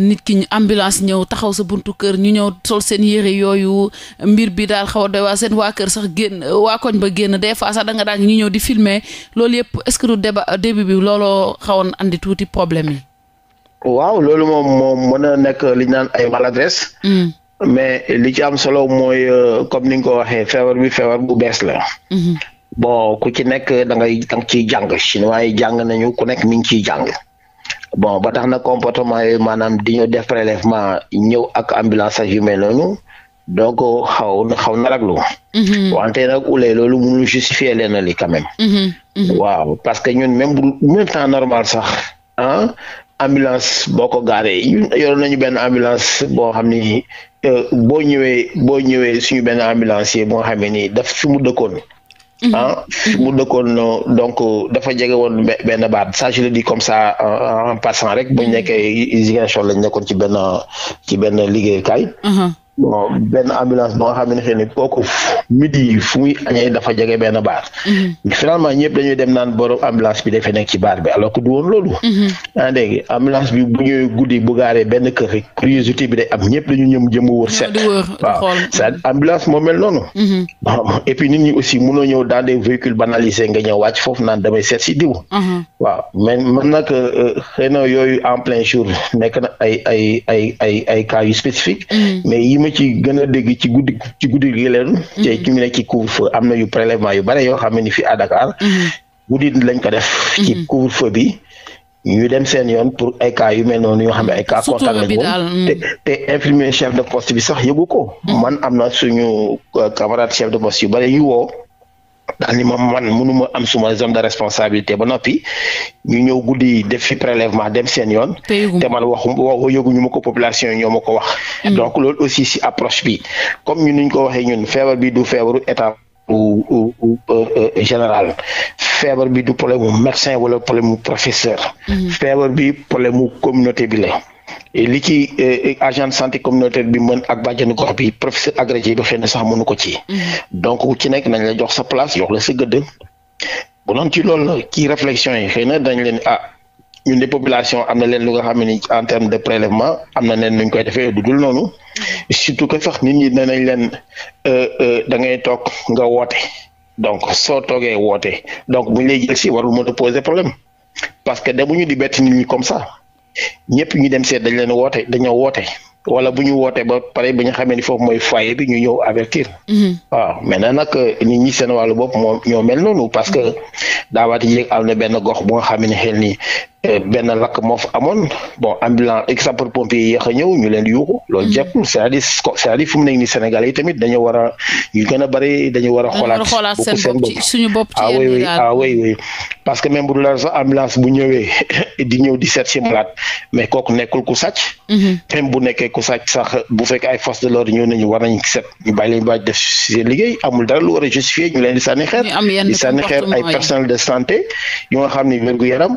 nit ki ñu ambulance ñëw taxaw sa buntu kër ñu ñëw sol seen yére yooyu mbir bi daal xaw a waa seen waa kër sax génn waa koñ ba génn des fois sax da nga daan ñu ñëw di filmer loolu yëpp est-ce que du débat euh, début bi looloo xawoon andi tuuti problème yi. waaw loolu nekk li naan ay maladresse. Hmm. mais li ci am solo mooy euh, comme ni ko waxee feebar bi feebar bu bees la. Mhm. bon ku ci nekk da ngay da nga ciy jàng chinois jàng nañu ku nekk mi ngi ciy jàng bon ba tax na comportement yi maanaam di ñu def prélèvement ñëw ak ambulance yu mel noonu donc xaw na xaw na raglu. Mhm. wante nag ulee loolu mënul justifier leen li quand même. Mhm. waaw parce que ñun même bu même temps normal sax ah ambulance boo ko gaaree ñun yoroon nañu ambulance boo xam ni. Euh, boo ñëwee boo ñëwee suñu benn ambulancier moo xam ne nii daf fi mu dëkkoon. Mhm. ah mu dëkkoon no donc dafa jege woon benn baat ça je le comme ça en passant rek bu ñu nekkee Ziguinchor lañ nekkoon ci benn ci benn liggéeyukaay. Mhm. bon benn ambulance ba nga xam ne xëy na kooku midi fu muy añee dafa jege benn baar. Mhm. ambulance bi dafay nekk ci baar bi alors que loolu. Mhm. yaa ambulance bi bu ñëwee guddi bu gaaree benn kër rek curiosité bi de am ñëpp dañu ñëm jëm wër seet. waaw c'est ambulance moo mel noonu. Mhm. et puis nit ñi aussi mënoo ñëw dans des véhicules banalisés nga ñëw wàcc foofu naan damay seet si diw. waaw mais man nag euh, xëy na yooyu en plein jour nekk na ay ay ay ay ay cas spécifique mais yi ci gën a dégg ci guddi ci guddi gi leen. Mm-hmm. te ci mu couvre-feu am na yu prélèvement yu bare yoo xam ne ni fii à Dakar. Mm-hmm. guddi lañ ko def. ci mm-hmm. couvre-feu bi. ñu dem seen yoon pour ay ka yu mel noonu yoo xam ne ay cas contact bi woon mm. te te infirmier chef de post bi sax yëgu ko. man am na suñu euh, camarade chef de poste yu bare yu woo. daal ni moom man munuma am suma zone de responsabilité ba noppi ñu ñëw guddi def fi prélèvement dem seen yoon. te man waxum wax yëguñu ma ko population yi ñoo ma ko wax. Mm. donc loolu aussi si approche bi comme ñun ni ñu ko waxee ñun feebar bi du feebaru état. ou euh, euh, général feebar bi du problème mu médecin wala problème mu professeur. Mm. feebar bi problème mu communauté bi li ci eh, agent de santé communautaire bi mën ak bàjjenu gox bi professeur agrégé bi xëy na sax mënu ko ci mm-hmm. donc ku ci nekk nañ la jox sa place jox la sa gëdd bu noonu ci loolu la ci réflexion yi xëy na dañ leen ah ñun de population am na leen lu nga xam ne en terme de na leen nuñ koy defee du dul noonu mm-hmm. surtout que sax nit ñi danañ leen euh, euh, da ngay toog nga woote donc soo toogee woote donc bu ñu lay jël si warul mën a poser problème parce que demuñu di bett nit ñi comme ça ñëpp ñu dem seet dañ leen woote dañoo woote wala bu ñu wootee ba pare bi nga xamee ni foofu mooy foyer bi ñu ñëw avertir. Mhm. waaw maintenant nag nit euh, ñi seen wàllu bopp moom ñoo mel parce que mhm. daawaati yéeg am benn gox bu nga xam ne xel nii Eh, benn lakk moo fa amoon bon ambulance ak sapeurs-pompiers a ñëw ñu leen di yuuxu loolu mm-hmm. jàppul c'est-à-dire c'est-à-dire fu mu nekk nii Sénégal yi tamit dañoo war a ñu gën a bëri dañoo war a xoolaat seen bopp suñu bopp ah oui oui ah oui oui parce que même bu dul di ñëw di seet si mais kooku nekkul ku sàcc mm-hmm. bu nekkee ku sàcc sax bu fekk ay forces de l'ordre ñëw nañu war nañ seet ñu bàyyi leen baaj def seen liggéey amul dara lu war a justifier ñu leen di xeer di xeer ay personnel de santé yu nga xam ne wér-gu-yaram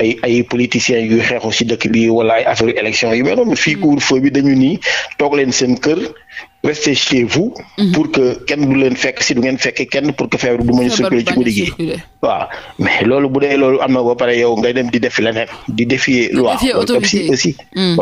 ay ay politiciens yuy xeexu ci dëkk bi wala ay affaire élection yu mel noonu fii mm. couvre-feu bi dañu nii toog leen seen kër restez chez vous. Mhm. pour que kenn du leen fekk si du ngeen fekk kenn pour que feebar du mën a circuler ci guddi gi. waaw mais loolu bu dee loolu am na ba pare yow ngay dem di def leneen di défier loi aussi aussi. Mm.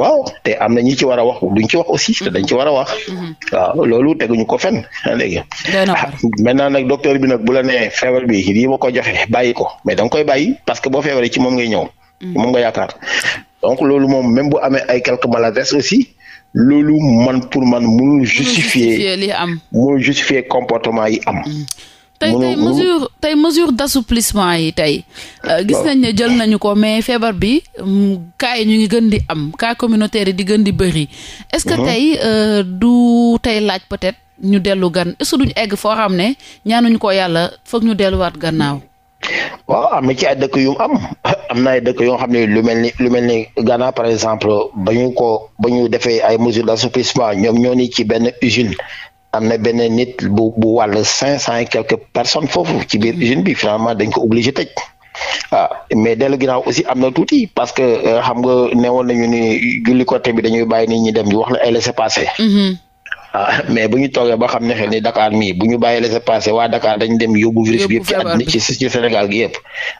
waaw te am na ñi ci war a wax duñ ci wax aussi te dañ mm-hmm. ci war a wax. Mm-hmm. waaw loolu teguñu ko fenn léegi. Ah, maintenant na docteur bi nag bu la nee feebar bi lii ma ko joxe bàyyi ko mais da koy bàyyi parce que boo feebaree ci moom ngay ñëw. Mm. moom nga yaakaar donc loolu moom même bu amee ay quelques maladresses aussi. loolu man pour man mënul justifier li am mënul justifier comportement yi am mm. tey tey mesure tey mesure d'assouplissement yi tey euh, gis nañ ne jël nañu ko mais feebar bi mm, cas yi ñu ngi gën di am cas communautaire yi di gën di bëri est-ce que mhm. tey euh, du tey laaj peut-être ñu dellu gan est-ce que egg foo xam ne ñaanuñu ko yàlla foog ñu delluwaat gannaaw waaw am na ci ay dëkk yu am am na ay dëkk yoo xam ne lu mel ni lu mel ni Ghana par exemple ba ko ba ñu defee ay mesures d'assouplissement ñoom ñoo ni ci benn usine am na benn nit bu bu wàll cinq cent et quelques personnes foofu ci biir usine bi finalement dañ ko obligé tëj ah mais dellu ginnaaw aussi am na tuuti parce que euh, xam nga na nañu ni julli côté bi dañuy bàyyi nit ñi dem ñu wax la ay laissez-passer ah mais bu ñu toogee ba xam ne xel ni Dakar mii bu ñu bàyyi laisser passer waa Dakar dañ dem yóbbu virus bi yëpp ci at ci ci Sénégal gi yëpp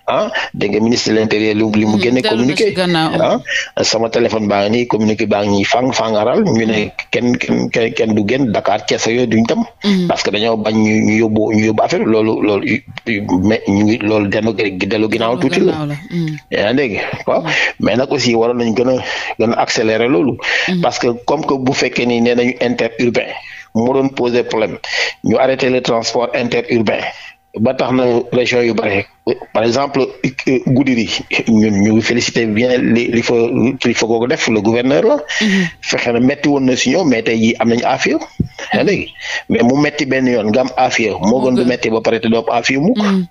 ah dégg nga ministre de l'intérieur li mu hmm, génne communiqué ah sama téléphone baa ngi nii communiqué baa ngi ñuy fang fangaral ñu ne kenn kenn kenn du génn Dakar Cees yooyu duñ hmm. mais ñu ngi hmm. mais nag aussi waroon nañ gën a gën a parce que comme que bu fekkee ni nee nañu interurbain urbain mu doon poser problème ñu arrêté le transport interurbain ba tax na région yu bëri par exemple Goudiri ñu félicité bien li li fa li fa ko def le gouverneur la mhm. fexe na metti woon na si ñoom mais tey jii am nañu affaire yaa léegi mais mu metti benn yoon nga am affaire gën du metti ba pare te doo am affaire mukk mhm.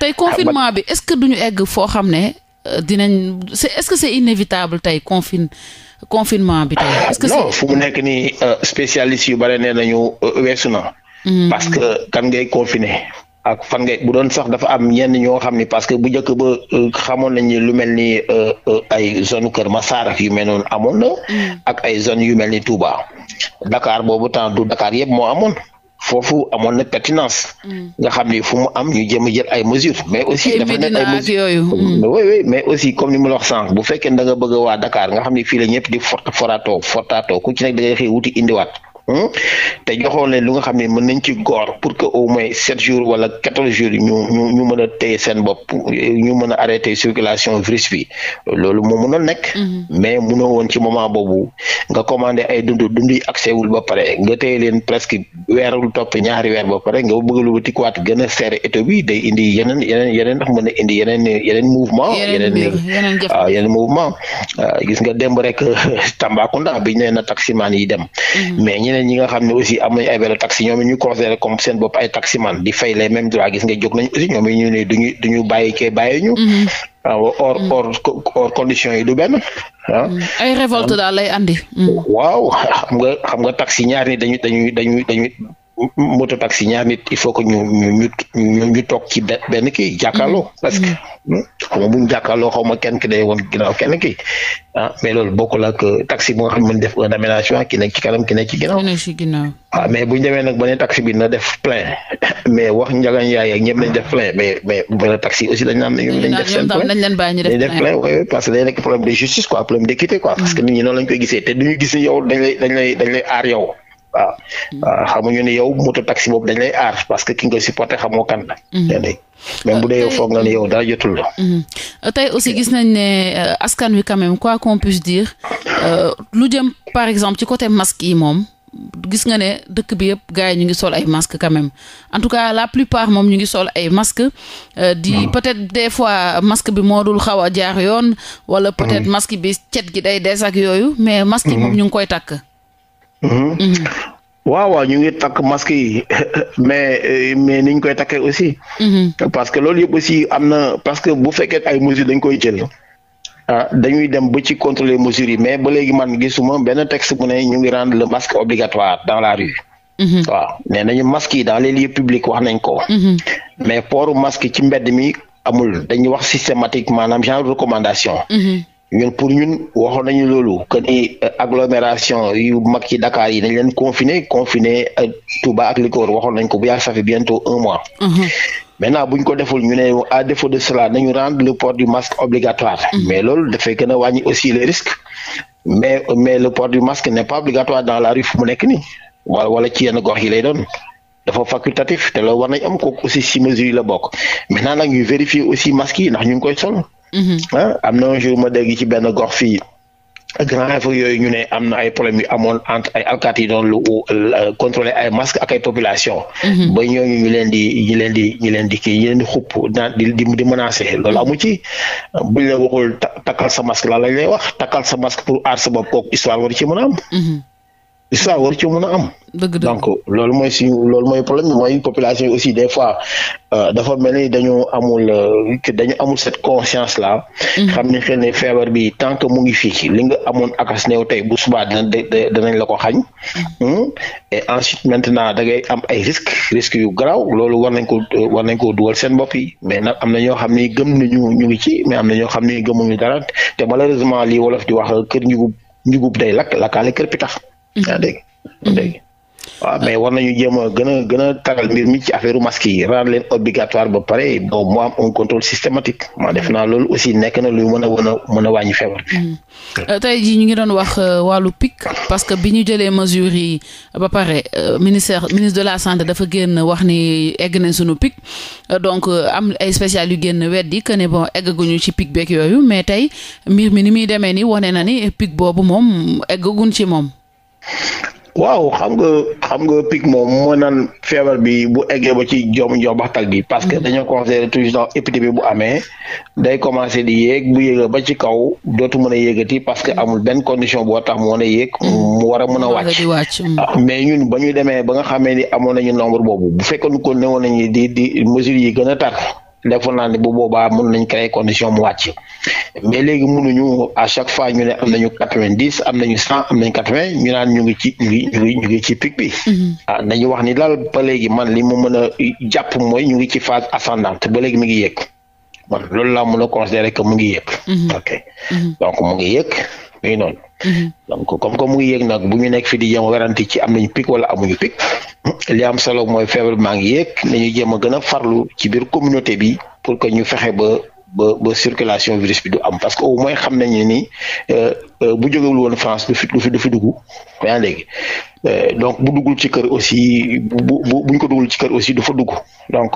tey confinement bi est-ce que duñu egg foo xam ne euh, dinañ c'est est-ce que c'est inévitable tey confine confinement bi tey fu mu nekk nii euh, spécialiste yu bare nee nañu euh, weesu na. Mm-hmm. parce que kan ngay confiné. ak fan nga bu doon sax dafa am ñenn ñoo xam ni parce que bu njëkk ba euh, xamoon nañ ni lu mel ni ay zone Kër Massar ak yu mel noonu amoon na. Mm-hmm. ak ay zone yu mel ni Touba. Dakar boobu temps du Dakar yëpp moo amoon. foofu amoon na pertinence. Mm. nga xam ni fu am ñu jéem a jël ay mesures. mais aussi dafa nekk ay mesures mm. oui oui mais aussi comme ni ma la bu fekkee da nga bëgg waa Dakar nga xam ni fii la ñëpp di fort forato fortato ku ci nekk da xëy wuti indiwaat. Hmm? te joxoon leen lu nga xam ni mën nañ ci góor pour que au moins sept jours wala quatorze jours ñu ñu ñu mën a téye seen bopp ñu mën a arrêté circulation virus bi loolu moo mënoon nekk. Mhm. mais munoo woon ci moment boobu nga commandé ay dund dund yi accès wul ba pare nga téye leen presque weerul topp ñaari weer ba pare nga bëgg lu wutikuwaat gën a serré état bi day indi yeneen yeneen yeneen ndax mën a indi yeneen yeneen mouvement. yeneen yeneen waaw yeneen mouvement ah, gis nga demb rek Tambacounda bi ñu ne na taximaan yi dem. Mhm. ñeneen ñi nga xam ne aussi am nañu ay vélo taxi ñoom ñu considéré comme seen bopp ay taximan di fay les mêmes droits gis nga jóg nañu aussi ñoom ñu ne duñu duñu bàyyi kee bàyyi ñu. Mm-hmm. Ah, waaw mm-hmm. or or or conditions yi ah. mm-hmm. révolte daal lay andi. waaw xam nga xam nga taxi ñaar ni dañu dañuy dañuy moto taxi ñaam it il faut que ñu ñu ñu ñu toog ci benn kii jàkkaarloo parce que xaw ma bu ñu jàkkaarloo xaw ma kenn ki day woon ginnaaw kenn ki ah mais loolu bokkul ak euh, taxi bu nga xam ne mën def un aménagement ki nekk ci kanam ki nekk ci ginnaaw. ah mais bu ñu demee taxi bi na def plein mais wax njagaan yaay ak ñëpp nañ plein mais mais taxi aussi dañ naan ñoom dañ def seen plein parce que day nekk problème de justice quoi problème d'équité quoi parce que mm. nit ñi noonu koy gisee te duñu gis ni yow dañ lay dañ yow. waaw. Ah, xamuñu ne yow moto taxi boobu dañ lay aar parce que ki nga supporté xamoo kan la. Mhm. même bu dee yow foog nga ne yow dara jotul la. Mhm. Euh, tey aussi gis nañ ne euh, askan wi quand même quoi qu'on puisse dire euh, lu jëm par exemple ci côté masque yi moom. gis nga ne dëkk bi yëpp gars yi ñu ngi sol ay masques quand en tout cas la plupart moom ñu ngi sol ay masques. di mm. peut-être des fois masque bi moo dul xaw a jaar yoon. wala peut-être mhm. masque bi cet gi day des ak yooyu mais masque yi moom ñu ngi koy takk. Mm-hmm. waaw waaw ñu ngi takk masque yi mais euh, mais niñ koy takkee aussi. Mm-hmm. parce que loolu yëpp aussi am na parce que bu fekkee ay mesures dañ koy jël. a ah, dañuy dem ba ci contrôler mesures yi mais ba léegi man gisuma benn texte bu ne ñu ngi rendre le masque obligatoire dans la rue. Mm-hmm. waaw nee nañu masque yi dans les lieux publics wax nañ ko. mais poru masque ci mbedd mi amul dañuy wax systématique maanaam genre recommandation. ñun pour ñun waxoon nañu loolu que euh, agglomération yu mag Dakar yi dañ leen confiné confiné euh, Touba ak li ko waxoon nañ ko bu yaa safi bientôt un mois. Mhm. maintenant bu ñu ko deful ñu ne à défaut de cela nañu rendre le port du masque obligatoire. Mhm. mais loolu dafay gën a wàññi aussi les risques mais mais le port du masque n'est pas obligatoire dans la rue fu mu wala wala ci yenn gox yi lay facultatif te loolu war nañ aussi si mesure yi la bokk maintenant nag ñu vérifier aussi Mhm. ah am na un jour ma dégg ci benn gox fii grand info yooyu ñu ne am na ay problèmes yu amoon entre ay alkaati yi doon lu contrôler ay masques ak ay population mhm. ba ñooñu ñu leen di ñu leen di ñu leen di kii ñu leen di xupp naan di di di menacer ci buñ la waxul takkal sa masque la lañ lay wax takkal sa masque pour aar sa bopp kooku histoire war ci mën a ça war ci mën a am. donc loolu mooy si loolu mooy problème bi mooy population yi aussi des fois euh, dafa mel ni dañu amul euh, dañu amul cette conscience la mm-hmm. xam ne xëy na feebar bi tant que mu ngi fii li nga amoon akas néew tey bu subaa dina dinañ la ko xañ. Mm-hmm. Hmm? et na maintenant da ngay am ay risques risques yu garaaw loolu war nañ ko war nañ ko dugal seen bopp yi mais nag am na ñoo xam ni gëm nañu ñu ngi ci mais am na ñoo xam ni gëmuñu dara te malheureusement lii wolof di wax kër njugub njugub day lakk lakkaale kër pitax. yaa mm-hmm. waaw mais war nañu jéem a gën a gën a tagal mbir mi ci affaire maski yi rendre leen obligatoire ba pare boobu mu am un systématique ma def naa loolu aussi nekk na lu mën a mën a mën a wàññi feebar mm-hmm. euh, tey jii ñu ngi doon wax euh, wàllu pic parce que bi ñu jëlee mesures yi ba pare euh, ministère ministre de la santé dafa génn wax ni egg nañ suñu pic donc am ay spécial yu génn weddi que ne bon eggaguñu ci pic beeg yooyu mais tey mbir mi ni muy demee ni wane na ni pic boobu moom eggaguñ ci moom. waaw xam nga xam nga pic moom moo naan feebar bi bu eggee ba ci jom jox baxtal gi parce que mm-hmm. dañoo considéré toujours épidémie bu amee day commencé di yéeg bu yéega ba ci kaw dootu mën a yéegati parce que mm-hmm. amul benn condition boo tax mu mën a mu mm-hmm. war a mën a ah, mais ñun ba ñu demee ba nga xamee ni amoon nañu nombre boobu bu fekkoon ko ne woon di di mesure yi gën a tar defoon naa ne bu boobaa mun nañ créer condition mu wàcc mais léegi mënuñu à chaque fois ñu ne am nañu quatre vingt dix am nañu cent am nañu quatre vingt ñu naan ñu ngi ci ñu ngi ñu ci pic bi. Mhm. ah nañu wax ni daal ba léegi man li mu mën a jàpp mooy ñu ngi ci phase ascendante ba léegi mi ngi yéeg. man loolu laa mën a considérer que mu ngi yëg. Mhm. ok mhm. donc mu ngi yëg muy noonu. Mhm. donc comme que mu ngi yëg nag bu ñu nekk fi di jéem a weranti ci am nañu pic wala amuñu pic li am solo mooy feebar maa ngi yëg nañu jéem a gën a farlu ci biir communauté bi pour que ñu fexe ba. ba ba circulation virus bi du am parce que au moins xam nañu ni euh, euh, bu jógewul woon France du fi du fi du fi dugg yaa léegi euh, donc bu duggul ci kër aussi bu bu buñ ko duggul ci kër aussi du fa dugg donc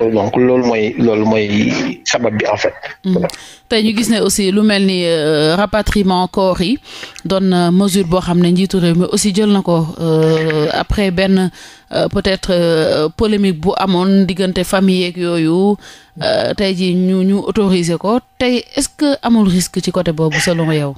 donc loolu mooy loolu mooy sabab bi en fait. Mm-hmm. tey ñu gis ne aussi lu mel ni euh, rapatriement corps yi doon na mesure boo xam ne njiitu réew mi aussi jël na ko euh, après benn euh, peut-être polémique bu amoon diggante famille yeeg yooyu tey ji ñu ñu autoriser ko tey est-ce que amul risque ci côté boobu selon yow.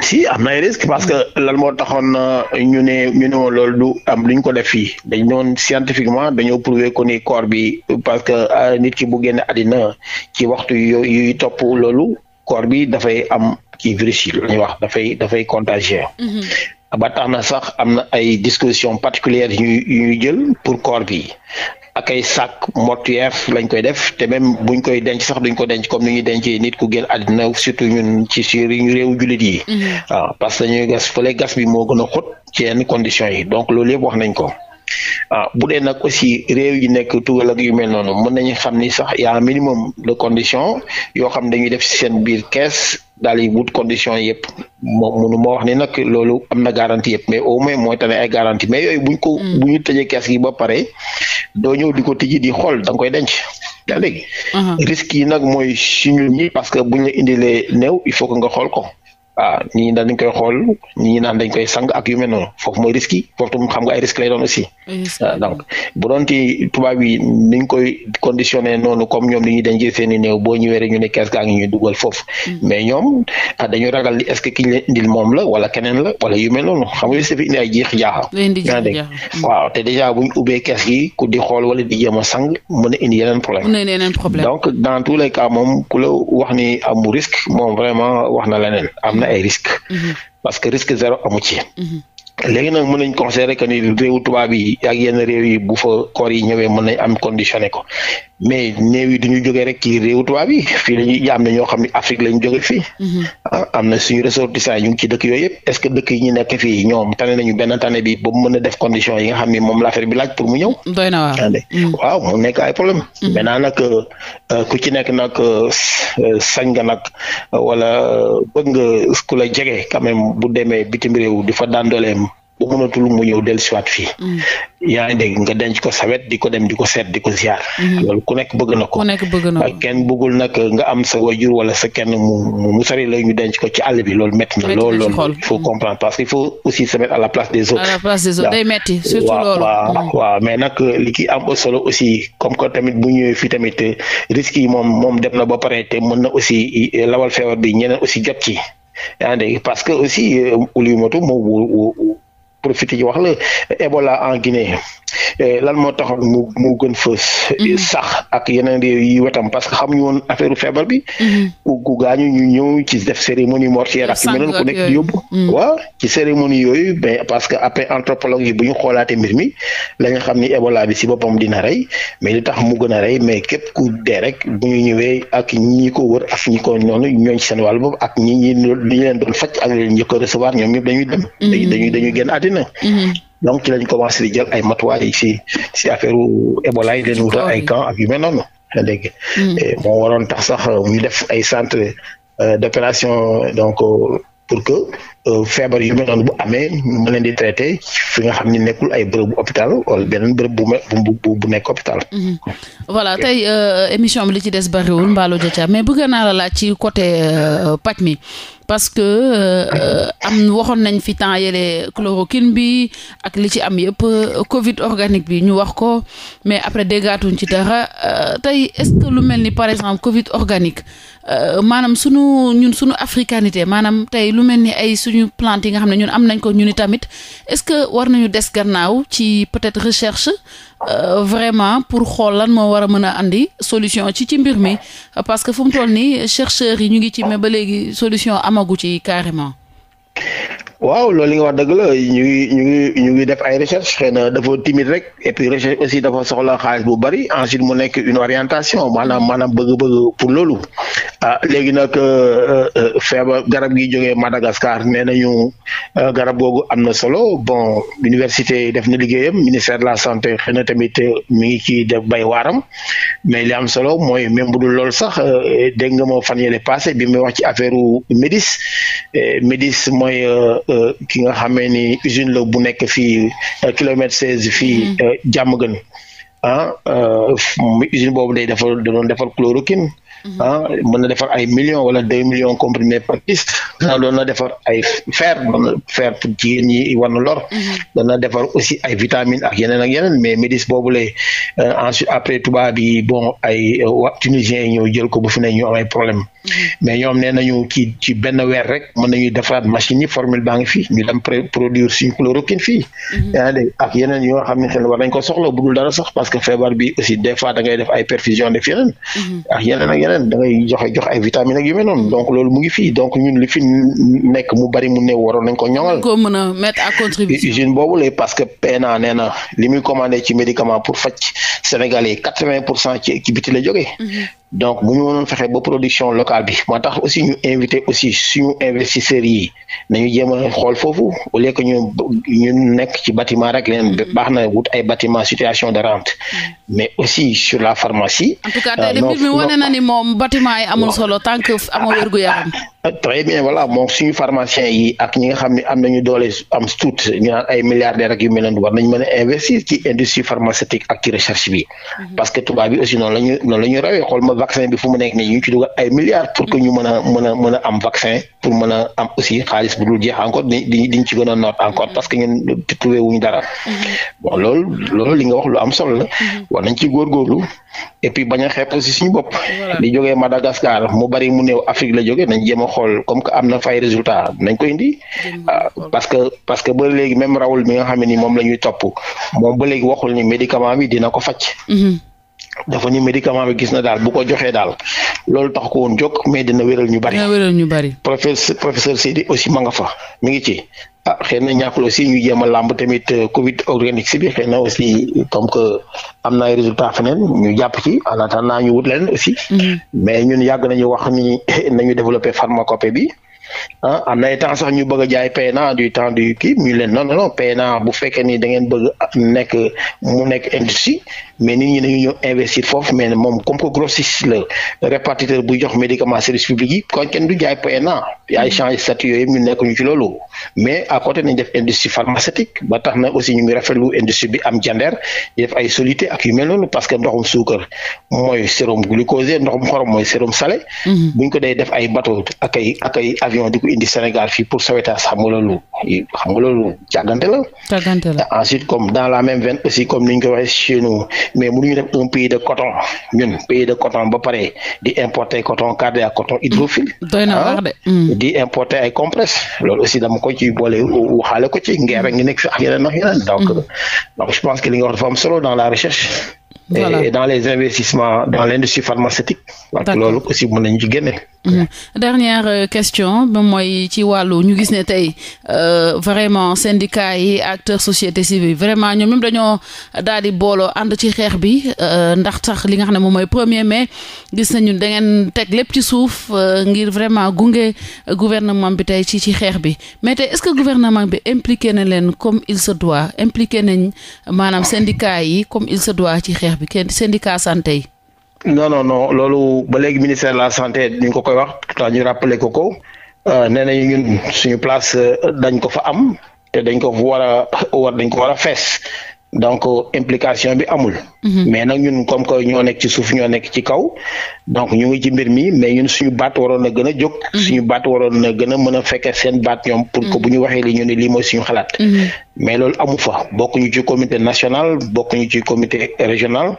si am na risque parce que lan moo taxoon euh, ñu ne ñu ne woon loolu du am duñ ko def fii dañ doon scientifiquement dañoo prouver ko ni corps bi parce que euh, nit ki bu génne àddina ci waxtu yu yuy topp loolu corps bi dafay am ci virus yi la ñuy wax dafay dafay contagieux mm-hmm. ba tax na sax am na ay dispositions particulières yu ñu jël pour corps bi ak ay sac mortuaire lañ koy def te même buñ koy denc sax duñ ko denc comme ni ñuy dencee nit ku génn àddina surtout ñun ci sur réew jullit yi. Mm-hmm. waaw parce que ñuy gas fële gas bi moo a xóot ci yenn conditions yi donc loolu yëpp wax nañ ko. ah bu dee nag aussi réew yi nekk tugal ak yu mel noonu mën nañu xam ni sax y a minimum de conditions yoo xam dañuy def seen biir kees daal di wut condition yëpp moom mënu ma wax ni nag loolu am na garantie yëpp mais au moins mooy tane ay garantie mais yooyu buñ ko mm. bu ñu tëjee kees gi ba pare doo ñëw di ko tijji di xool da nga koy denc yaa léegi uh-huh. risque yi nag mooy si ñun ñi parce que bu ñu indilee néew il faut nga xool ko ah ñii naan dañ koy xool ñii naan dañ koy sang ak yu mel noonu foofu mooy risque yi foofu tam xam nga ay risque lay doon aussi. Ah, donc bu doon ci tubaab koy conditionné noonu comme ñoom li ñuy denc seen i néew boo ñëwee rek ñu ne kees gaa ngi ñuy dugal foofu. Mm. mais ñoom ah dañuy ragal li est ñu leen indil moom la wala keneen la wala yu mel noonu xam nga li si fi indi ay jeex jaaxa. leen di jeex waaw te dèjà bu ñu ubbee kees gi ku di xool wala di jéem a sang mën a indi yeneen problème. a donc dans tous les cas moom ku la wax ni amul risque vraiment wax na ay risques. Mhm. parce que risque zéro amu ci. Mhm. léegi nag mën nañ considérer que ni réewu tubaab yi ak yenn réew yi bu fa yi ñëwee mën conditionné ko mais néew yi du ñu jógee rek ci réew tubaab yi fii la ñuy am na ñoo xam ne Afrique la ñu jógee fii. Mhm. Ah, am na suñu ressortissants ñu ngi ci dëkk yooyu yëpp est ce que dëkk yi ñu nekk fii ñoom tane nañu benn tane bi ba a def condition yi nga xam ne moom la affaire bi laaj pour mu ñëw. doy na waar mhm. waaw mu nekk ay problème mhm. maintenant nag euh, euh, ku ci nekk nag euh, sañ nga nag wala bëgg nga ku la jege quand même bu demee bitim réew di fa daan dooleem bu mënatul mu ñëw dellusiwaat fii. Mm. yaa ngi dégg nga denc ko sawet di ko dem di ko seet di ko ziar. Mm-hmm. loolu ku nekk bëgg na ko. ku nekk bëgg na ko nga am sa wajur wala sa kenn mu mu sori la ñu denc ko ci àll bi loolu métti na. loolu loolu il faut mm-hmm. comprendre parce que il faut aussi se mettre a la place des autres. à la place des autres day métti surtout loolu. waaw mm-hmm. waaw mais nag li am solo aussi comme que tamit bu ñëwee fii tamit risques yi moom dem na ba pare te mën na aussi lawal feebar bi ñeneen aussi jot ci. yaa profité yi wax la Ebola en Guinée eh, lan moo taxoon mu mu gën fës. Mm-hmm. sax ak yeneen réew yi wetam parce que xamuñu woon affaire feebar bi. Mm-hmm. ku ku gaañu ñu ñëw ci def cérémonie mortuaire ak. sànq ku nekk yóbbu. Mm-hmm. waaw yooyu bu ñu xoolaatee mbir mi la nga xam ni Ebola bi si boppam dina rey mais li tax mu gën a rey mais képp ku dee rek bu ñu ñëwee ak ñi ko wër ak ñi ko noonu ñooñ seen wàll boobu ak ñi ñi leen doon faj ak ñi ko recevoir ñoom ñëpp dañuy dem. dañuy dañuy génn na. Mhm. donc ci lañ commencé di jël ay matuwaay si si affaire Ebola yi leen wutal ay camp ak yu mel noonu. nga dégg. moo waroon tax sax euh, ñu def ay centre euh, d'opération donc euh, pour que feebar yu noonu bu amee ñu leen di traité fi nga xam ne nekkul ay bërëb bu hôpital wala beneen bërëb bu nekk hôpital. Mhm. voilà tey émission bi li ci des bariwul Mballo Dia mais bëgg naa la ci côté paj mi. parce que euh, am waxoon nañ fi temps yële chloroquine bi ak li ci am yëpp euh, Covid organique bi ñu wax ko mais après déggaatuñ ci dara euh, tey est lu mel ni par exemple Covid organique. Euh, maanaam sunu ñun sunu africanité maanaam tey lu mel ni ay suñu plante yi nga xam ne ñun am nañ ko ñu ni tamit est-ce que war nañu des gannaaw ci peut-être recherche euh, vraiment pour xool lan moo war a mën a andi solution ci ci mbir mi parce que fu mu toll nii chercheurs yi ñu ngi ci mais ba léegi solution amagu ci carrément. waaw loolu li nga wax dëgg la ñu ngi ñu ngi ñu ngi def ay recherche xëy na dafa timide rek et puis recherche aussi soxla xaalis bu bari ensuite mu nekk une orientation maanaam maanaam bëgg-bëgg pour loolu ah léegi nag euh, euh, euh, feebar garab gi jógee Madagascar nee nañu garab googu am na solo bon université def na liggéeyam ministère de la santé xëy na tamit mi ngi ciy def bay waaram mais li am solo mooy même bu dul loolu sax dégg nga moo fan yële passé bi muy wax ci affaire u MEDIS MEDIS mooy. Euh, ki nga xamee ni usine la bu nekk fii euh, kilomètre seize fii mm. euh, jàmm gan ah usine boobu day defar da doon defar chloroquine mm-hmm. ah mën na defar ay million wala deux millions comprimés par piste dana mm-hmm. ah, doon na defar ay fer fer pour jigéen ñi war na lor mm-hmm. dana defar aussi ay vitamines ak yeneen ak yeneen mais médis boobu lay ensuite après tubaab bi bon ay wa tunisiens yi ñoo jël ko bu fi ne ñu am problème mais ñoom nee ñu ci ci benn weer rek mën nañuy defaraat machine yi formule baa ngi fii ñu dem produire suñu chloroquine fii. Mhm. yaa ngi ak yeneen yoo xam ne war nañ ko soxla budul dara sax parce que feebar bi aussi des fois da ngay def ay perfusion def yeneen. Mhm. ak yeneen ak yeneen da joxe jox ay vitamines ak yu mel noonu donc loolu mu ngi fii donc ñun li fi nekk mu bari mu néew waroon nañ ko ñoŋal. ko mën a mettre à usine boobu la parce que PNA nee na li muy commandé ci médicament pour faj Sénégal yi quatre-vingt pour cent ci ci biti la jógee. Mhm. donc bu ñu fexe ba production locale bi moo tax aussi ñu invité aussi suñu investisseurs yi nañu jéem a xool foofu au lieu que ñu ñu nekk ci bâtiment rek leen baax na wut ay bâtiment situation de rente mm. mais aussi sur la pharmacie. en tout cas euh, tey de mbir mi wane na ni moom yi amul solo tant que amoo wér gu très bien voilà moom suñu pharmacien yi ak ñi xam ne am doole am tuut ñu naan ay milliardaires ak yu mel noonu war nañu mën a investir ci industrie pharmaceutique ak ci recherche bi mhm. parce que tubaab bi aussi noonu lañu noonu xool ma vaccin bi fu mu nekk ñu ci dugal ay milliards pour que ñu mën a a a am vaccin pour mën a am aussi xaalis bu jeex encore di ci gën a encore mhm. parce que ñun trouvé wuñu dara mhm. wax lu am solo la war ci góorgóorlu et puis a xool comme que am na fay résultat nañ ko indi ah, parce que parce que ba léegi même rawul mi nga xam ne ni moom la ñuy topp moom ba léegi waxul ni médicament bi dina ko facc mhm. dafa ñu médicament bi gis na daal bu ko joxee daal loolu tax ko woon jóg mais dina wéral ñu bari. dina wéral ñu professeur professeur aussi ma nga fa mi ngi ci. ah xëy na ñàkkul aussi ñu jéem a làmb tamit euh, Covid organique bi xëy na aussi comme que am na ay résultats feneen ñu jàpp ci en attendant ñu wut leen aussi. Mm-hmm. mais ñun yàgg nañu wax ni nañu développé pharmacopée bi. ah am na ay temps sax ñu bëgg jaay PNA du temps du kii ñu leen non non non PNA bu fekkee ni da ngeen bëgg nekk mu nekk industrie mais nit ñi dañu ñëw investir foofu mais moom comme que grossiste la répartiteur jox médicament service public yi kon kenn du jaay PNA ay mm. changé statut yooyu ñu nekk ñu ci loolu mais à côté nañ def industrie pharmaceutique ba tax na aussi ñu ngi rafetlu industrie bi am jandeer def ay soluté ak yu mel noonu parce que ndoxum suukar mooy sérum glucosé ndoxum xorom mooy sérum salé mm-hmm. buñ ko day def ay bateau ak avion millions di ko indi Sénégal fii pour Sowétas xam nga loolu xam nga loolu ensuite comme dans la même veine aussi comme ni ñu ko waxee mais mënuñu def pays de coton ñun pays de coton ba pare di importer coton cardé coton hydrophile. Ah, hmm. di importer ay compresses loolu aussi dama ko ci boole waxaale ko ci ngeer ngi nekk fi ak yeneen ak hmm. donc je pense que li nga wax dans la recherche. Voilà. et dans les investissements dans l'industrie pharmaceutique. donc loolu aussi mën nañu ci génne. Mhm. dernière euh, question moom mooy ci wàllu ñu gis ne tey euh, vraiment syndicats yi acteurs société civile vraiment ñoom même dañoo daal di booloo ànd ci xeex bi euh, ndax tax li nga xam ne moom mooy premier mais gis nañu da ngeen teg lépp ci suuf ngir vraiment gunge gouvernement bi tey ci ci xeex bi mais tey est-ce que gouvernement bi impliqué na leen comme il se doit impliqué nañ maanaam syndicats yi comme il se doit ci xeex bi kenn syndicat santé yi. no non non loolu ba léegi ministère de la santé ñu ko koy wax pourtant ñu rappelé ko ko euh, nee nañu ñun suñu place euh, dañ ko fa am te dañ ko war a war dañ ko war a fees. donc implication bi amul. Mhm. mais nag ñun comme que ñoo nekk ci suuf ñoo nekk ci kaw donc ñu ngi ci mbir mi mais ñun suñu baat waroon na gën a jóg. Mhm. suñu baat waroon na gën a mën a fekkee seen baat ñoom. pour ko mhm. bu ñu waxee li ñu ne lii mooy suñu xalaat. mais loolu amu fa bokkuñu ci comité national bokkuñu ci comité régional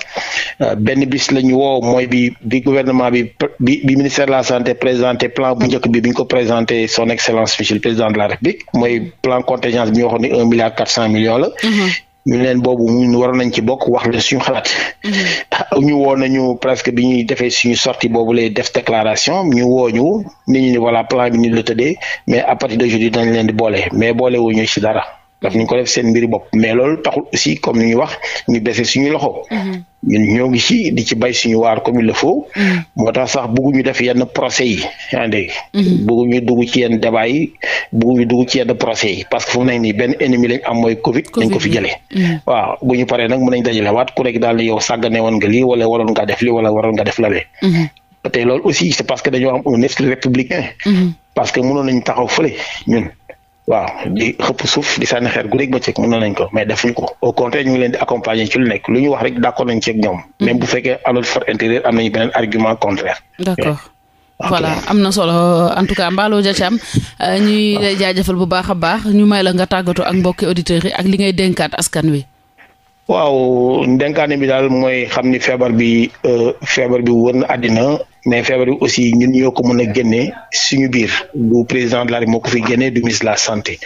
euh, benn bis la ñu woo mooy bi bi gouvernement bi bi bi ministère de la santé présenté plan bu njëkk bi bi ñu ko présenté son excellence monsieur le président de la république mooy plan contingence bi ñu waxoon ne un milliard cent millions la. ñu leen boobu ñun waroon nañ ci bokk wax la suñu xalaat mhm. ñu woo nañu presque bi ñuy defee suñu sorti boobu lay def déclaration ñu woo ñu nit ñi ni voilà plan bi la tëddee mais à partir d'aujourd'hui dañ leen di boole mais boole wuñu ci dara. daf ñu ko def seen mbiri bopp mais loolu taxul aussi comme ni ñu wax ñu bese suñu loxo. Mm-hmm. ñun ñoo ci di ci bay suñu waar comme il le mm-hmm. moo tax sax bëgguñu def yenn procès yi mm-hmm. procès yi parce que fu mu nekk nii waat ku nekk daal yow sàggane nga lii wala waroon nga def lii wala waroon nga def lale. te loolu aussi c'est parce que dañoo am un esprit républicain. parce que mënoon nañ taxaw fële ñun. waaw di xëpp suuf di sànni xeer guddeeg bëccëg mën nañ ko mais defuñ ko au contraire ñu ngi leen di accompagner ci lu nekk lu ñu wax rek d'accord nañ ci ak ñoom. Mm. même bu fekkee à notre fort intérieur am nañu beneen argument contraire. d'accord voilà am na solo en tout cas Mballo Dia Thiam euh, ñuy ah. lay jaajëfal bu baax a baax ñu may la nga tàggatoo ak mbokki auditeurs yi ak li ngay dénkaat askan wi. waaw dénkaane bi daal mooy xam ni feebar bi euh, feebar bi wër na àddina mais feebar bi aussi ñun ñoo ko mën a génne suñu biir du président de la République moo fi génne du ministre la santé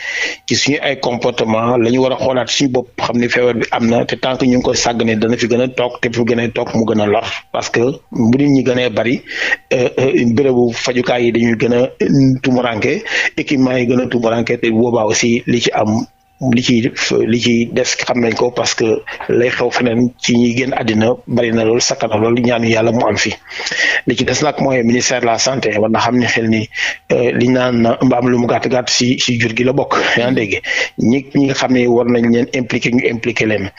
ci suñu ay comportement la ñu war a xoolaat suñu bopp xam ne feebar bi am na te tant que ñu ngi ko sàggane dana fi gën a toog te fu gën a toog mu gën a lor parce que bu nit ñi gënee bari euh, euh, bérébu fajukaay yi dañuy gën a tumuranke équipement yi gën a tumuranke te boobaa aussi li ci am li ci li ci des xam nañ ko parce que lay xew feneen ci ñi gën àddina bari na lool sakana lool ñaanu yàlla mu am fi li ci des nag mooy ministère de la santé war na xam ne xel ni euh, liñ naan mbaam lu mu gàtt gàtt si si jur gi la bokk yaa dégg ñi ñi nga xam ne war nañ leen impliqué ñu impliqué leen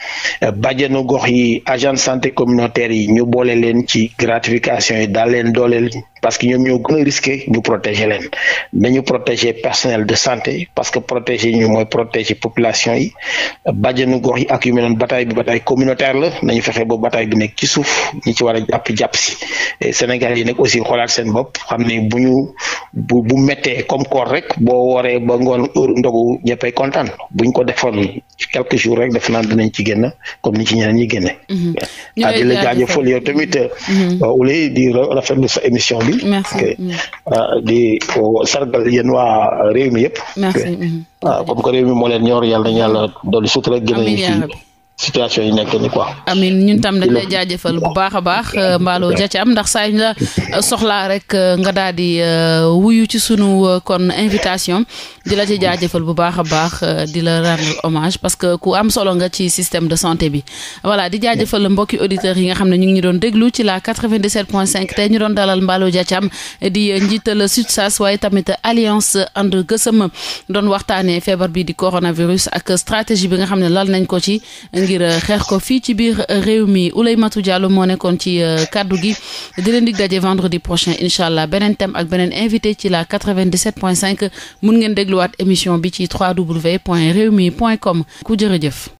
euh, bàjjenu gox yi agent santé communautaire yi ñu boole leen ci gratification yi daal leen dooleel parce que ñoom ñoo gën a risqué ñu protéger leen nañu protéger personnel de santé parce que protéger ñu mooy protéger population yi bàjjenu gox yi ak yu mel noonu bataille bi bataille communautaire la nañu fexe ba bataille bi nekk ci suuf ñi ci war a jàpp jàpp Sénégal yi nag aussi xoolaat seen bopp xam ne bu ñu bu bu méttee comme koor rek boo wooree ba ngoon heure ndogu ñëppay kontaan buñ ko defoon quelques jours rek def naan dinañ ci génn comme ni ci ñeneen ñi génne. Mhm. ñooy di la jaajëfal yow tamit. Ouleye euh, mhm. di rafetlu sa émission bi. merci mhm. euh, di euh, sargal yéen waa réew mi yëpp. merci comme que réew mi moo leen ñor yàlla na yàlla dolli sutura gën a. situation yi nekk ni quoi. amin ñun tam dañ lay bu baax a baax euh, Mballo Dia Thiam ndax saa yu ñu euh, soxlaa rek euh, nga daal di wuyu ci sunu kon invitation di la ci jaajëfal bu baax a baax di la rendre hommage parce que ku am solo nga ci système de santé bi voilà di jaajëfal mbokki auditeurs yi nga xam ne ñu ngi ñu doon déglu ci la 97.5 tey ñu doon dalal Mballo Dia Thiam di njiital SUTSAS waaye tamit alliance ànd gësëm doon waxtaanee feebar bi di coronavirus ak stratégie bi nga xam ne lal nañ ko ci. ngir eh, xeex ko fii ci biir eh, réew mi Ouleymatou Diallo moo nekkoon ci eh, kaddu gi di leen dig daje vendredi prochain incha allah beneen thème ak beneen invité ci la 97.5 mun ngeen dégluwaat émission bi ci www.rewmi.com ku jërëjëf.